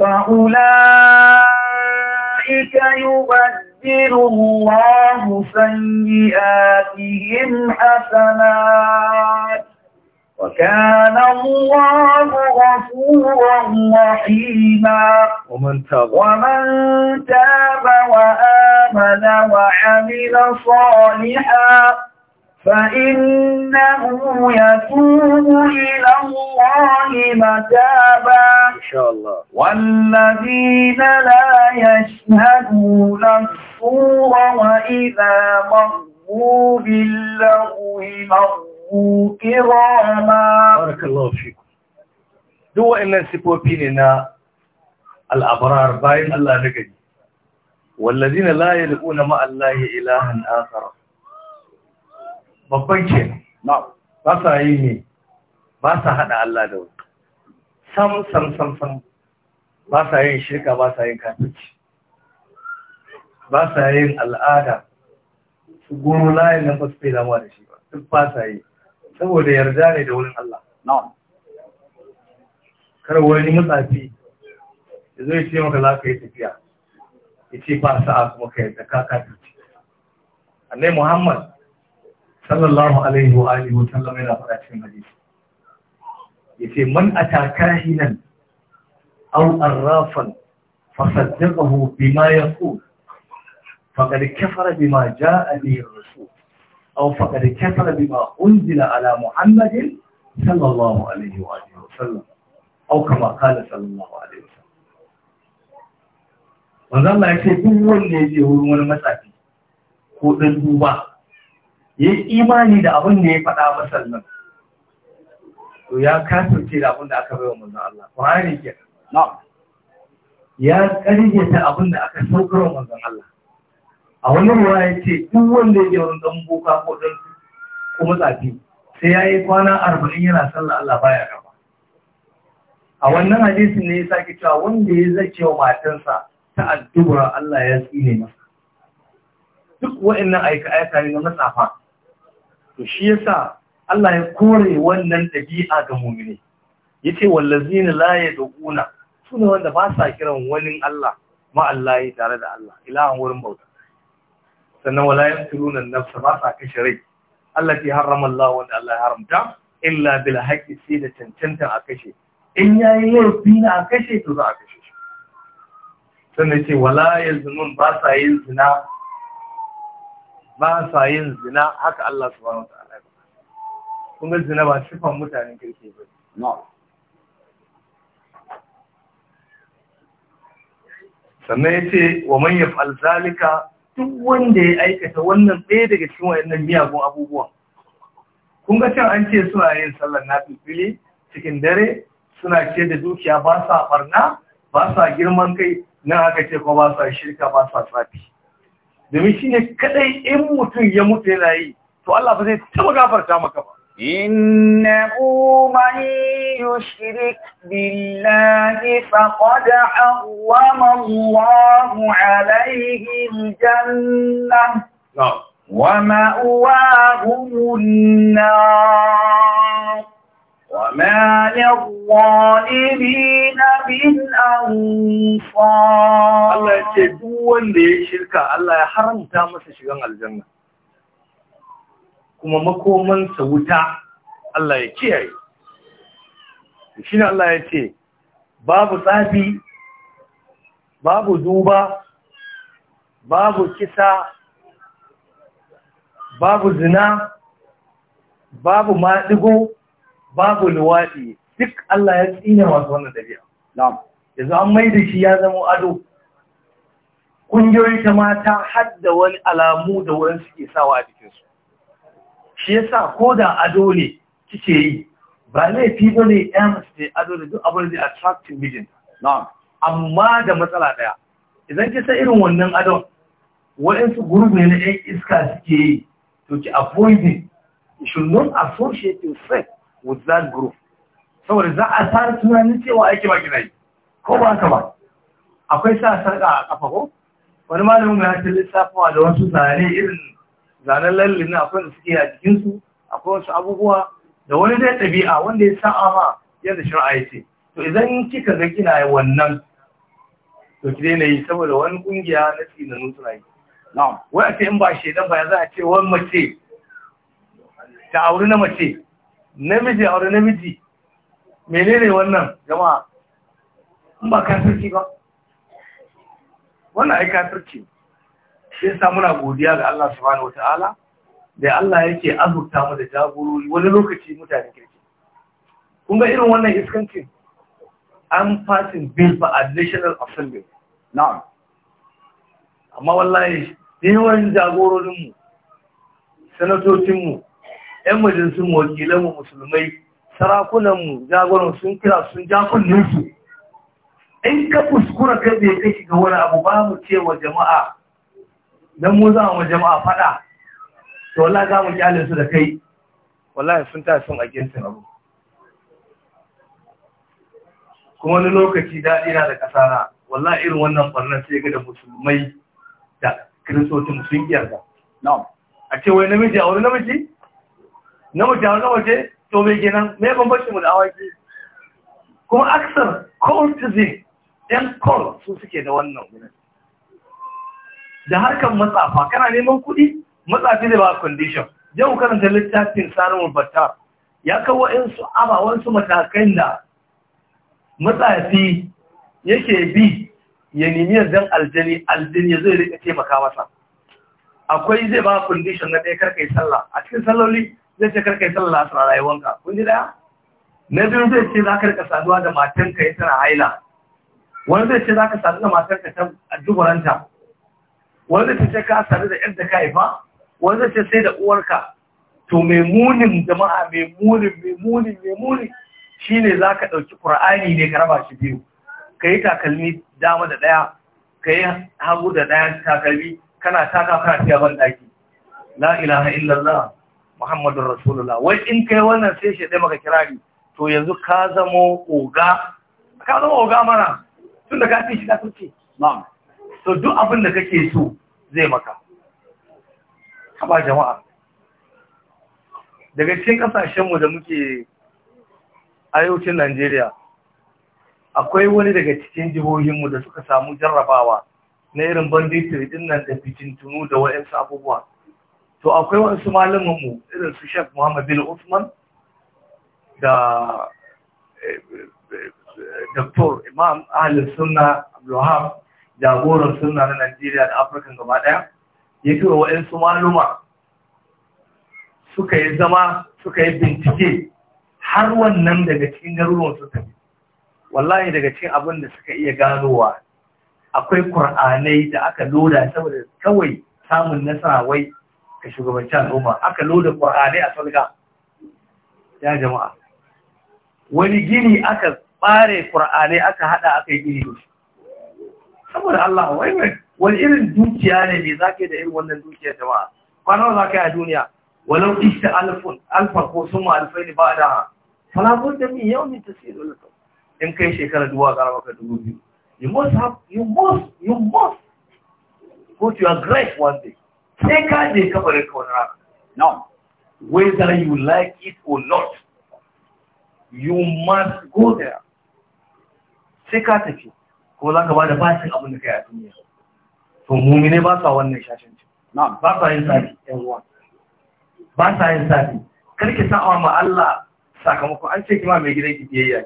فأولئك يبدل الله سيئاتهم حسنات وكان الله غفورا رحيما ومن تاب ومن تاب وآمن وعمل صالحا فإنه يتوب إلى الله متابا إن شاء الله والذين لا يشهدون الصور وإذا مروا باللغو مروا kirama barakallahu fiku duk wa'annan sifofi ne na al'abrar bayan Allah na gari wallazina la yalquna ma allahi ilahan akhar babban ke ba sa yi ne ba sa hada Allah da wani sam sam ba sa yin shirka ba sa yin kafirci ba sa yin al'ada su goro layin nan ba su da shi ba duk saboda yarda ne da wurin Allah na'am kar wani matsafi ya zo ya ce maka za ka yi tafiya ya ce ba sa'a kuma ka yadda ka ka ci. annai muhammad sallallahu alaihi wa alihi wa sallam yana faɗa cikin hadisi ya ce man atakahinan aw arrafan fasaddaqahu bima yaqul faqad kafara bima ja'a bihi ar-rasul أو فقد كفر بما أنزل على محمد صلى الله عليه وآله وسلم أو كما قال صلى الله عليه وسلم wanzan Allah ya ce duk wanda ya je wani matsafi ko ɗan duba ya yi imani da abin da ya faɗa masar nan to ya kasance da abin da aka bai wa manzan Allah ko ƙwararri ke ya ta abin da aka saukar wa manzan Allah a wani ruwa ya ce duk wanda ya je wani dan boka ko dan kuma tsafi sai ya yi kwana arba'in yana sallah Allah baya gaba a wannan hadisin ne ya sake cewa wanda ya zace wa matansa ta addubura Allah ya tsine masa duk wa'annan aika aika ne na matsafa to shi yasa Allah ya kore wannan dabi'a ga mu'mini yace wallazina la yad'una sune wanda ba sa kiran wani Allah ma tare da Allah ilahan wurin bauta sannan wala ya yaqtuluna an-nafsa ba sa kashe rai Allah allati harrama Allah wanda Allah ya haramta illa bil haqqi sai da cancanta a kashe in yayi laifi na a kashe to za a kashe shi sannan ce wala ya yazunun ba sa yin zina ba sa yin zina haka Allah subhanahu wa ta'ala kun ga zina ba sifan mutanen kirki ba sannan ya ce wa man alzalika. duk wanda ya aikata wannan ɗaya daga cikin wayannan miyagun abubuwan kun ga can an ce suna yin sallar fili, cikin dare suna ce da dukiya ba sa barna ba sa girman kai na aka ce kuma ba sa shirka ba sa tsafi domin ne kadai in mutum ya mutu yana yi to Allah ba zai taɓa gafarta maka ba إنه من يشرك بالله فقد حرم الله عليه الجنة نعم. ومأواه النار وما للظالمين من أنصار الله يشرك لي شركة الله يحرم تامس الجنة kuma makomansa wuta Allah ya kiyaye shi ne Allah ya ce babu tsafi babu duba babu kisa babu zina babu maɗigo babu luwaɗi duk Allah ya tsina masu wannan dabi'a yanzu an mai da shi ya zama ado ƙungiyoyi ta mata hadda wani alamu da wurin suke sawa a jikinsu shi yasa ko da ado ne kike yi ba laifi ba ne ya mace ne ado da duk abin da attractin mijin amma da matsala daya idan ki kisa irin wannan ado, waɗansu gurbi ne na yan iska suke yi to ki avoid it you should not associate with that group saboda za a tara tunanin cewa aiki ba kina yi ko ba haka ba akwai sa sarƙa a ƙafa ko wani malamin ya ta lissafawa da wasu zane irin zanen lalle na akwai da suke a jikinsu akwai wasu abubuwa da wani dai ɗabi'a wanda ya sa'a ma yadda shari'a ya ce to idan kika ga kina wannan to ki daina yi saboda wani kungiya na nutsu na yi wai a ce in ba shaidan ba za a ce wani mace ta auri na mace namiji auri namiji menene wannan jama'a in ba kafirci ba wannan ai kafirci ne sai yasa muna godiya ga Allah subhanahu wataala da Allah yake azurta mu da jagorori wani lokaci mutane kirki kun ga irin wannan iskancin an fasin bill ba a national assembly na'am amma wallahi yawan jagororinmu sanatocinmu 'yan majalisun wakilanmu musulmai sarakunanmu jagoran sun kira sun jakunninsu in ka kuskura kai bai kai shiga wani abu ba mu wa jama'a don mu za mu jama'a faɗa to Allah za mu kyale su da kai wallahi sun ta sun agintin abu kuma wani lokaci daɗi na da kasara wallahi irin wannan ɓarnar sai ga da musulmai da kiristocin sun yarda a ce wai namiji a wani namiji namiji a wani namiji to mai Me mai bambancin mu da awaki kuma aksar cultism yan kol su suke da wannan gina da harkar matsafa kana neman kuɗi matsafi zai ba condition jan karanta littafin sarumin batta. ya kawo insu abawansu matakan da matsafi yake bi ya nemi yanzu aljani aljani zai rika taimaka masa akwai zai ba condition na ɗaya karkai sallah a cikin salloli zai ce karkai sallah a rayuwanka kun ji daya na biyu zai ce za ka rika saduwa da matanka ya tana haila wani zai ce za ka sadu da matanka ta duburanta wanda ta ce ka sadu da da ka haifa wanda ce sai da uwarka to mai munin jama'a mai munin mai munin mai munin shi ne za ka ɗauki ƙur'ani ne ka raba shi biyu ka yi takalmi dama da ɗaya ka yi hagu da ɗaya takalmi kana taka kana tiya ban ɗaki la ilaha illallah muhammadun rasulullah wai in kai wannan sai shi ɗaya maka kirari to yanzu ka zamo oga ka zama oga mana tun da ka fi shi ka turce ma'am. so duk abin da kake so zai maka haba jama'a daga cikin kasashenmu da muke arewacin Najeriya akwai wani daga cikin jihohinmu da suka samu jarrabawa na irin banditir din nan da fitintunu da wa'yansu abubuwa to akwai wasu mu irin su Sheikh Muhammad bin Usman da eh, eh, eh, Dr. Imam Ahlul Sunna abdulwahab jagoran suna na Najeriya da Afirka gaba ɗaya ya tura waɗansu maluma suka yi zama suka yi bincike har wannan daga cikin garuruwan su tafi wallahi daga cikin abin da suka iya ganowa akwai kur'anai da aka loda saboda kawai samun nasara wai ga shugabanci al'umma aka loda kur'anai a salga ya jama'a wani gini aka ɓare kur'anai aka haɗa aka yi gini saboda Allah wai mai wani irin dukiya ne ne zaka da irin wannan dukiyar jama'a kwana za ka yi a duniya walau ishta alfun alfa ko sun ma alfai ne ba da ha? falafun da mi yau min tasiri da kau in kai shekara duwa ƙara maka dubu biyu you must have you must you must go to your grave one day sai ka je kabarin ka wani rana no whether you like it or not you must go there sai ka tafi ko za ka ba da bashin abin da ka yi a duniya to mumine ba sa wannan shashanci ba sa yin sati yan uwa ba sa yin sati kar ki sa'a ma Allah sakamako an ce kima mai gidan ki biyayya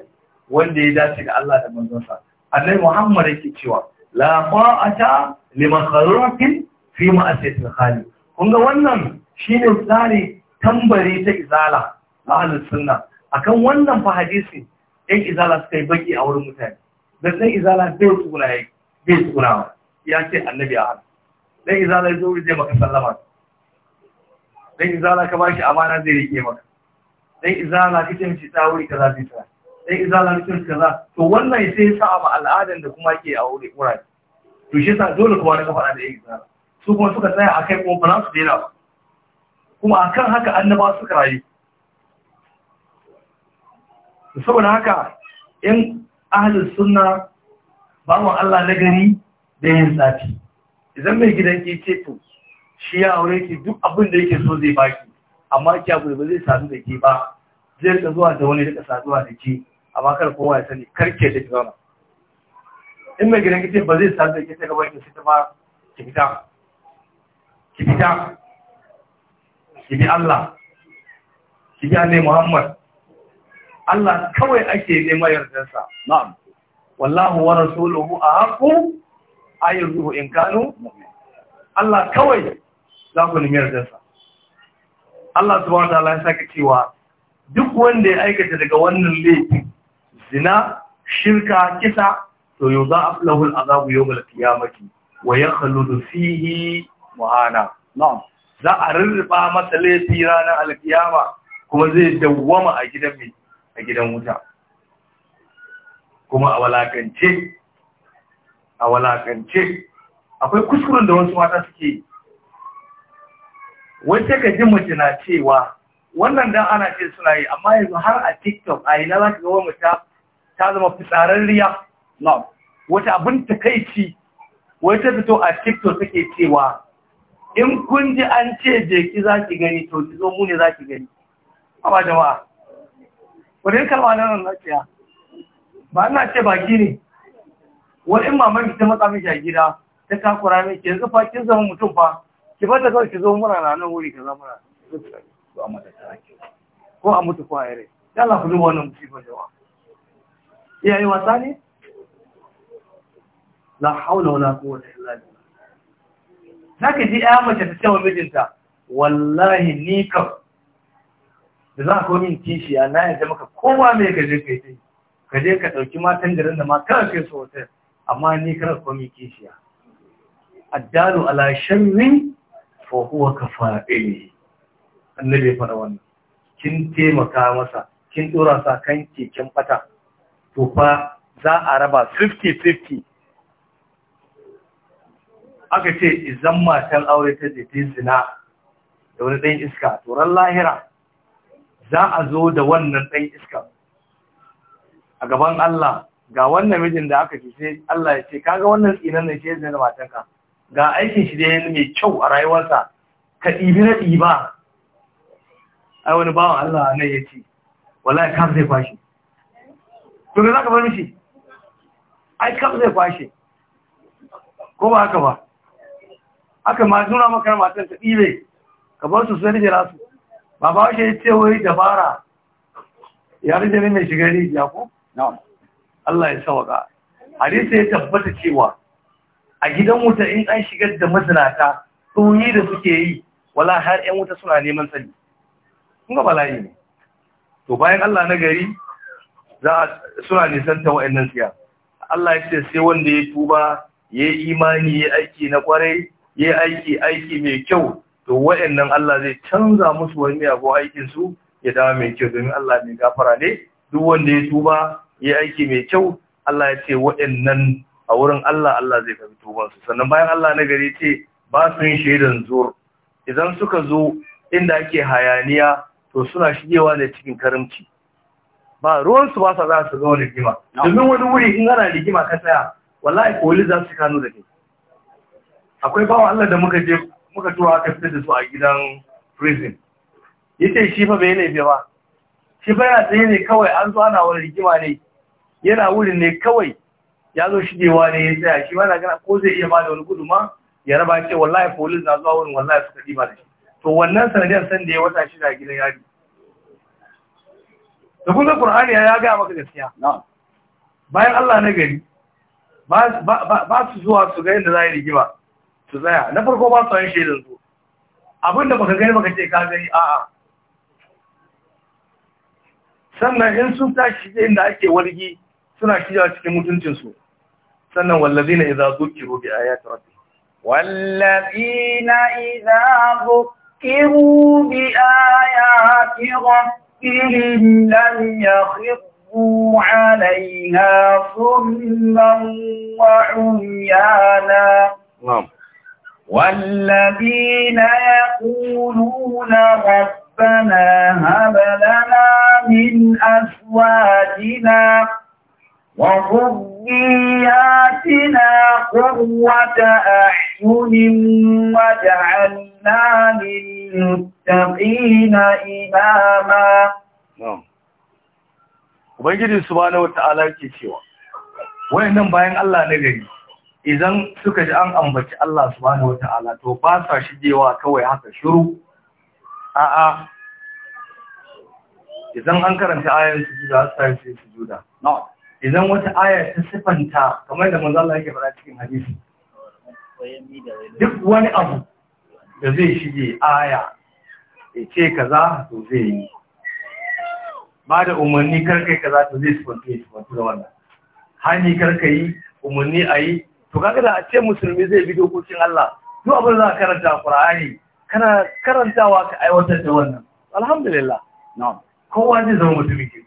wanda ya dace da Allah da manzon sa annabi Muhammad yake cewa la ta'ata li makhluqin fi ma'asiyati khaliq kun ga wannan shine tsari tambari ta izala ahlus sunna akan wannan fa hadisi izala suka yi baki a wurin mutane da sai izala zai tsuguna ya tsura wa ya ce annabi a hannu dan izalar ya zai maka sallama dan izalar ka shi amana zai rike maka dan izalar ka ce ta wuri kaza zai tsaya dan izala ka ce kaza to wannan sai sa ma al'adar da kuma ke a wuri wurare to shi sa dole kuma na kafaɗa da yan izala su kuma suka tsaya a kai kuma ba su daina ba kuma a kan haka annaba suka rayu saboda haka in ahalin suna bawan Allah na gani da yin zafi idan mai gidan ke ce to shi ya aure ke duk abin da yake so zai baki amma ki abu ba zai sadu da ke ba zai rika zuwa da wani rika saduwa da ke amma kar kowa ya sani karke da ki zauna in mai gidan ke ce ba zai sadu da ke ta gaba ki fita ba ki fita ki fita ki bi Allah ki bi Annabi Muhammad Allah kawai ake nema yardarsa na'am wallahu wa rasuluhu ahqqu ayyuhu in kanu Allah kawai za ku nemi yardarsa Allah subhanahu wa ta'ala ya saka cewa duk wanda ya aikata daga wannan laifin zina shirka kisa to yau za a lahul azabu yau ga kiyamaki wa ya khaludu fihi muhana za a rurrufa masa laifi ranar alkiyama kuma zai dawwama a gidan mai a gidan wuta kuma a walakance a walakance akwai kuskuren da wasu mata suke yi ka ji mace na cewa wannan dan ana ce suna yi amma yanzu har a tiktok a yi na za ka ga wani ta ta zama fitsararriya na wata abin wai ta fito a tiktok take cewa in kun ji an ce jeki za ki gani to ki zo mu ne za ki gani amma jama'a wadda karɓa na nan lafiya ba ina ce baki ne wani in maman ta matsa miki a gida ta kakura ne yanzu fa kin zama mutum fa ki bata kawai ki zo muna na nan wuri ka zama na ko a mutu ko a yare ya lafi duba wannan musibar jawa iyaye wasa ne la haula wala quwwata illa billah zaka ji ya mace ta ce wa mijinta wallahi ni kam da za a ka min kishiya na yadda maka kowa mai gaje ka yi. ka je ka ɗauki matan garin da ma kana ke su hotel amma ni kana ko min kishiya addalu ala sharri fa huwa kafa'ili annabi ya fara wannan kin taimaka masa kin dora sa kan keken fata to fa za a raba 50-50 aka ce izan matan aure ta je zina da wani ɗan iska turan lahira za a zo da wannan ɗan iska a gaban Allah ga wannan mijin da aka sai Allah ya ce kaga wannan tsinan ne ce zai da matanka ga aikin shi da ya mai kyau a rayuwarsa ka ɗibi na ɗiba ai wani bawan Allah na ya ce wallahi kaf zai kwashe to ga zaka bar mishi ai kaf zai kwashe ko ba haka ba haka ma zuna maka matan ta ɗibe ka bar su sai da jira su Baba ba shi ce wai dabara ya da ne mai shiga ku? ko Allah ya sauka hadisi ya tabbata cewa a gidan wuta in an shigar da mazinata tsoyi da suke yi wala har ƴan wuta suna neman sani kun ga bala'i ne to bayan Allah na gari za suna nisan ta wa'annan siya Allah ya ce sai wanda ya tuba ya yi imani ya aiki na kwarai ya aiki aiki mai kyau to wa'annan Allah zai canza musu wani miyagun aikin su ya dama mai kyau domin Allah mai gafara ne duk wanda ya tuba ya aiki mai kyau Allah ya ce wa'annan a wurin Allah Allah zai karbi tuban sannan bayan Allah na gari ce ba su yin shaidan zuwar, idan suka zo inda ake hayaniya to suna shigewa ne cikin karamci. ba ruwansu ba sa za su zama rigima domin wani wuri in ana rigima ka tsaya wallahi koli za su kano da kai akwai bawa Allah da muka je muka tura aka fitar da su a gidan prison ce shi fa bai laifi ba shi fa yana tsaye ne kawai an zo ana wani rigima ne yana wurin ne kawai ya zo shigewa ne ya tsaya shi ba na gana ko zai iya ba da wani guduma ya raba ce wallahi polis na zuwa wurin wallahi suka ɗiba da shi to wannan sanadiyar san da ya wata shida a gidan yari da kun ga qur'ani ya ga maka gaskiya bayan Allah na gari ba su zuwa su ga yadda za a yi rigima su tsaya na farko ba su yin shaidar su abinda baka gani baka ce ka gani a'a sannan in sun tashi inda ake wargi suna shiga cikin mutuncinsu sannan wallazi na iza zukiru bi ya rabbi wallazi na iza zukiru bi ayati rabbihim ya yakhiru alaiha sunnan wa umyana na'am والذين يقولون ربنا هب لنا من أسواجنا وذرياتنا قوة أحسن وجعلنا للمتقين إماما Ubangiji subhanahu wa ta’ala yake cewa wayannan bayan Allah na gari idan suka ji an ambaci Allah subhanahu ta’ala to ba sa shigewa kawai haka shiru a'a idan an karanta ayar sujuda su tayi su sujuda idan wata aya ta sifanta kamar da manzo Allah yake faɗa cikin hadisi duk wani abu da zai shige aya ya ce kaza to zai yi ba da umarni karkai kaza to zai sifanta ya sifanta da wannan hani karkai umarni a yi to kaga da a ce musulmi zai bi dokokin Allah to abin za ka karanta Qur'ani kana karantawa ka aiwatar da wannan alhamdulillah na'am kowa zai zama mutumin ke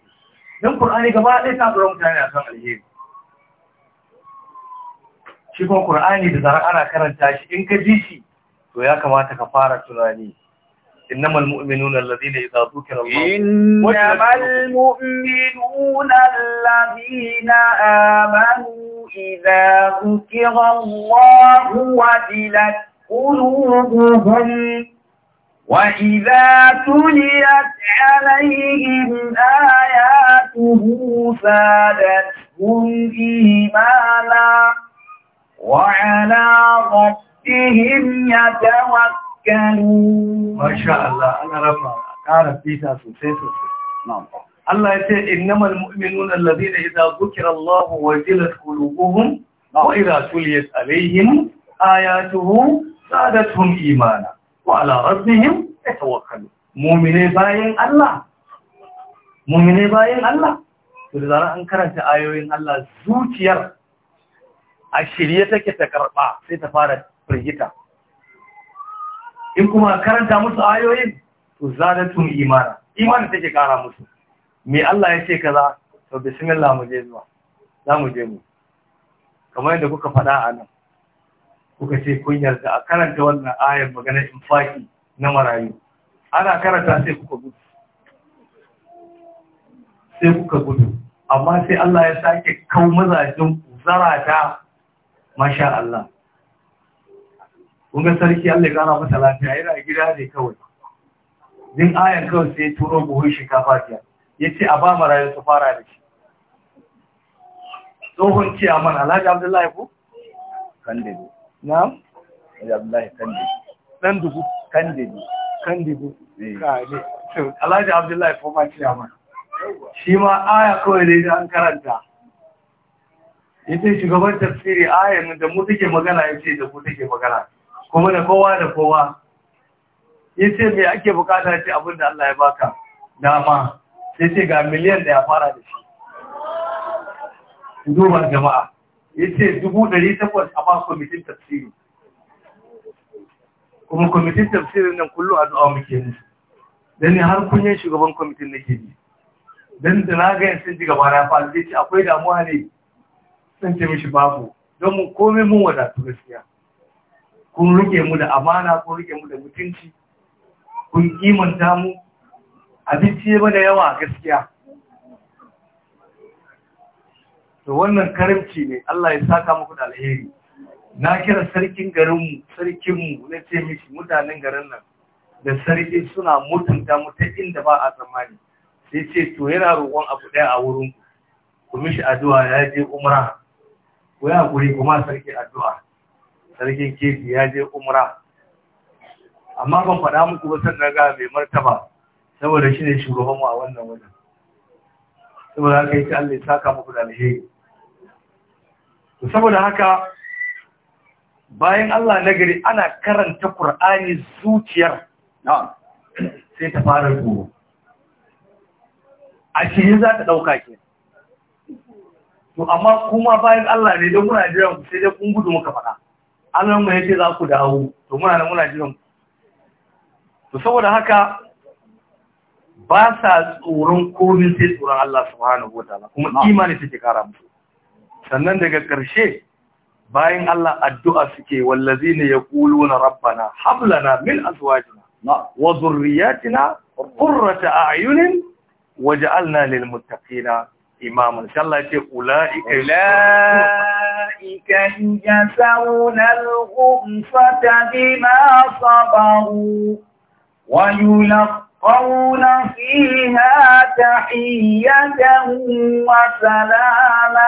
dan Qur'ani gaba ɗaya ta tsoro mutane a san alheri shi ko Qur'ani da zarar ana karanta shi in ka ji shi to ya kamata ka fara tunani إنما المؤمنون الذين إذا ذكر الله إنما المؤمنون الذين آمنوا إذا ذكر الله وجلت قلوبهم وإذا تليت عليهم آياته زادتهم إيمانا وعلى ربهم يتوكلون ما شاء الله انا رفع عارف بيتا سوسي سوسي نعم. الله يقول انما المؤمنون الذين اذا ذكر الله وجلت قلوبهم نعم. واذا تليت عليهم اياته زادتهم ايمانا وعلى ربهم يتوكلون مؤمني باين الله مؤمني باين الله إذا أنا أنكرت آية ايوين الله زوجير a shirye take ta karba sai ta fara firgita in kuma karanta musu ayoyin to zadatun imana imani take kara musu me Allah ya ce kaza to bismillah mu je zuwa za mu je mu kamar yadda kuka faɗa a nan kuka ce kun yarda a karanta wannan ayar magana infaki na marayu ana karanta sai kuka gudu sai kuka gudu amma sai Allah ya sake kau mazajin zarata masha Allah kuma sarki Allah ya masa lafiya yana gida ne kawai din ayan kawai sai turo buhun shinkafa ya ce a ba marayu su fara da shi tsohon mana Alhaji Abdullahi ku? Kande Na Alhaji Abdullahi Kande dan dubu Kande Kande eh. ka Alhaji Abdullahi ko ma mana. shi ma aya kawai dai an karanta ce shugaban tafsiri ayan da mu take magana ya ce, da ku take magana kuma da kowa da kowa ce me ake bukata ce abin da Allah ya baka dama sai ce ga miliyan da ya fara da shi duba jama'a ce dubu dari takwas a ba kwamitin tafsiri kuma kwamitin tafsirin nan kullu zuwa muke musu don ne har kunyen shugaban kwamitin na ji don da na ga sun ji gaba na fa ce akwai damuwa ne sun ce mishi babu don mu komai mun wadatu gaskiya kun rike mu da amana kun rike mu da mutunci kun kimanta mu abinci ba da yawa gaskiya to wannan karimci ne Allah ya saka muku da alheri na kira sarkin garinmu sarkinmu na ce mishi mutanen garin nan da sarki suna mutunta mu ta inda ba a zamani sai ce to yana roƙon abu ɗaya a wurin ku mishi addu'a ya je umra ku ya guri kuma sarki addu'a sarkin kifi ya je umra amma ban faɗa muku ba sannan ga mai martaba saboda shi ne shugabanmu a wannan wajen saboda haka yake Allah saka muku da alheri saboda haka bayan Allah nagari ana karanta ƙur'ani zuciyar sai ta fara tsoro a cikin za ta ɗauka ke to amma kuma bayan Allah ne don muna jiran sai dai kun gudu muka faɗa an mu ya ce za ku dawo to muna nan muna jiran to saboda haka ba sa tsoron komai sai tsoron Allah subhanahu wataala kuma imani take kara musu sannan daga ƙarshe bayan Allah addu'a suke wallazina yaquluna rabbana hab lana min azwajina wa dhurriyyatina qurrata a'yunin waj'alna lil إمام إن شاء الله يقول أولئك أولئك يجزون الغمصة بما صبروا ويلقون فيها تحية وسلاما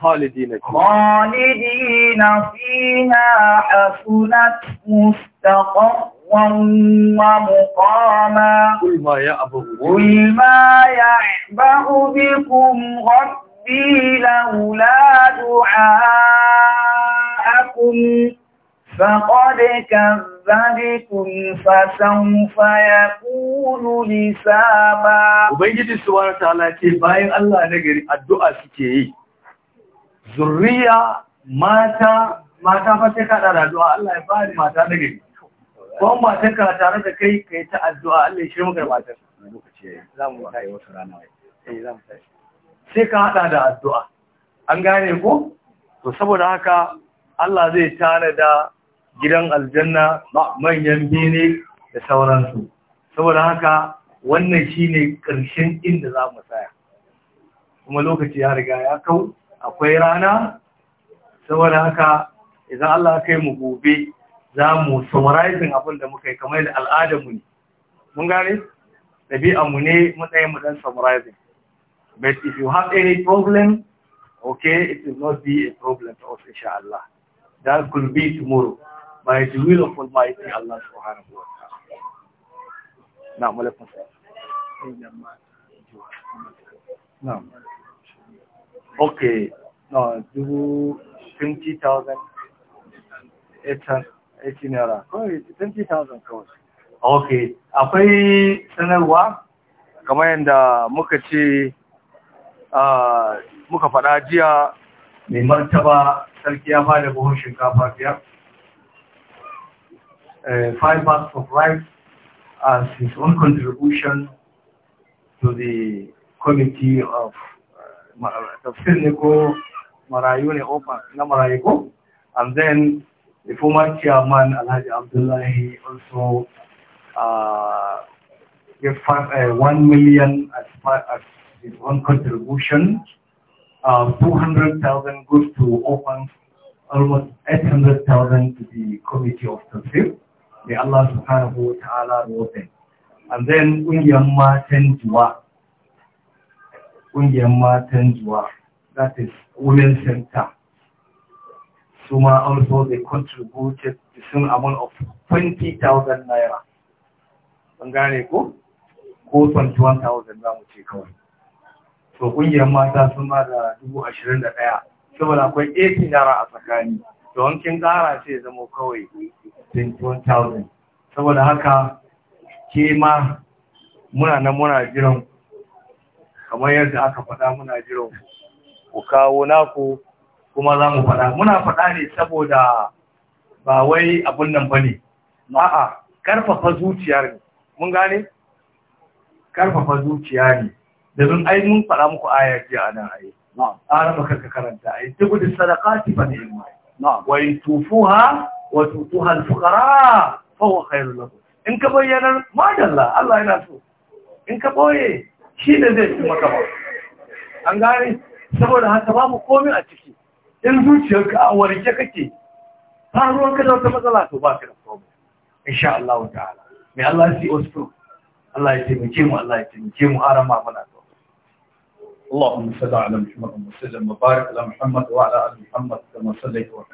خالدين خالدين فيها حسنت مستقرا رزقا ومقاما قل ما فقد فسوف يكون لسابا ubangiji subhanahu ce bayan Allah na gari addu'a suke yi zurriya mata mata fa da addu'a Allah ya bani mata na gari kwan ka tare da kai ka yi ta addu'a Allah ya shirya maka da matar za mu wata rana wai eh, za mu sai ka haɗa da addu'a an gane ko to saboda haka Allah zai tare da gidan aljanna manyan bene da sauransu saboda haka wannan shine ƙarshen inda za mu tsaya kuma lokaci ya riga ya kau akwai rana saboda haka idan Allah ya kai mu gobe za mu summarizing abin da muka yi kamar da al'adarmu ne mun gane ɗabi'anmu ne matsayin mu dan summarizing but if you have any problem okay it will not be a problem to us Allah, that could be tomorrow by the will of Almighty Allah subhanahu wa ta'ala na'am alaikum salam na'am okay no do 20,000 800 80 kawai 20,000 kawai ok akwai sanarwa kamar yadda muka ce muka faɗa jiya mai martaba sarki ya fada buhun shinkafa biyar eh, five bags of rice as his own contribution to the committee of eh, tafsir ne ko marayu ne ofa na marayu ko and then The former chairman, Alhaji Abdullahi, also uh, gave five, uh, 1 million as, as his own contribution. Uh, 200,000 goes to orphans, almost 800,000 to the committee of Tafsir. May Allah subhanahu wa ta'ala reward them. And then Ungyam Martin Jua. Ungyam That is Women's Center. Suma also they contributed the sum amount of 20,000 naira. An gane ko? Ko 21,000 zamu ce kawai. To ƙungiyar mata sun ba da 21,000 saboda akwai 80 naira a tsakani. To an kin ƙara sai zama kawai 21,000. Saboda haka ke ma muna nan muna jiran kamar yadda aka faɗa muna jiran ku kawo naku kuma za mu faɗa muna faɗa ne saboda ba wai abun nan ba ne a'a karfafa zuciya ne mun gane karfafa zuciya ne Da domin ai mun faɗa muku aya ji a nan Na an raba karka karanta ai duk da sadaqati fa ni'ma wa in tufuha wa tutuha al-fuqara fa huwa khairul lakum in ka bayyana madalla Allah yana so in ka boye shi ne zai fi maka ba an gane saboda haka mu komai a ciki in zuciyarka a warke kake faruwar ka da wata matsala to ba ka da problem insha Allah ta'ala mai Allah ya wasu su Allah ya taimake mu Allah ya taimake mu haram ma muna to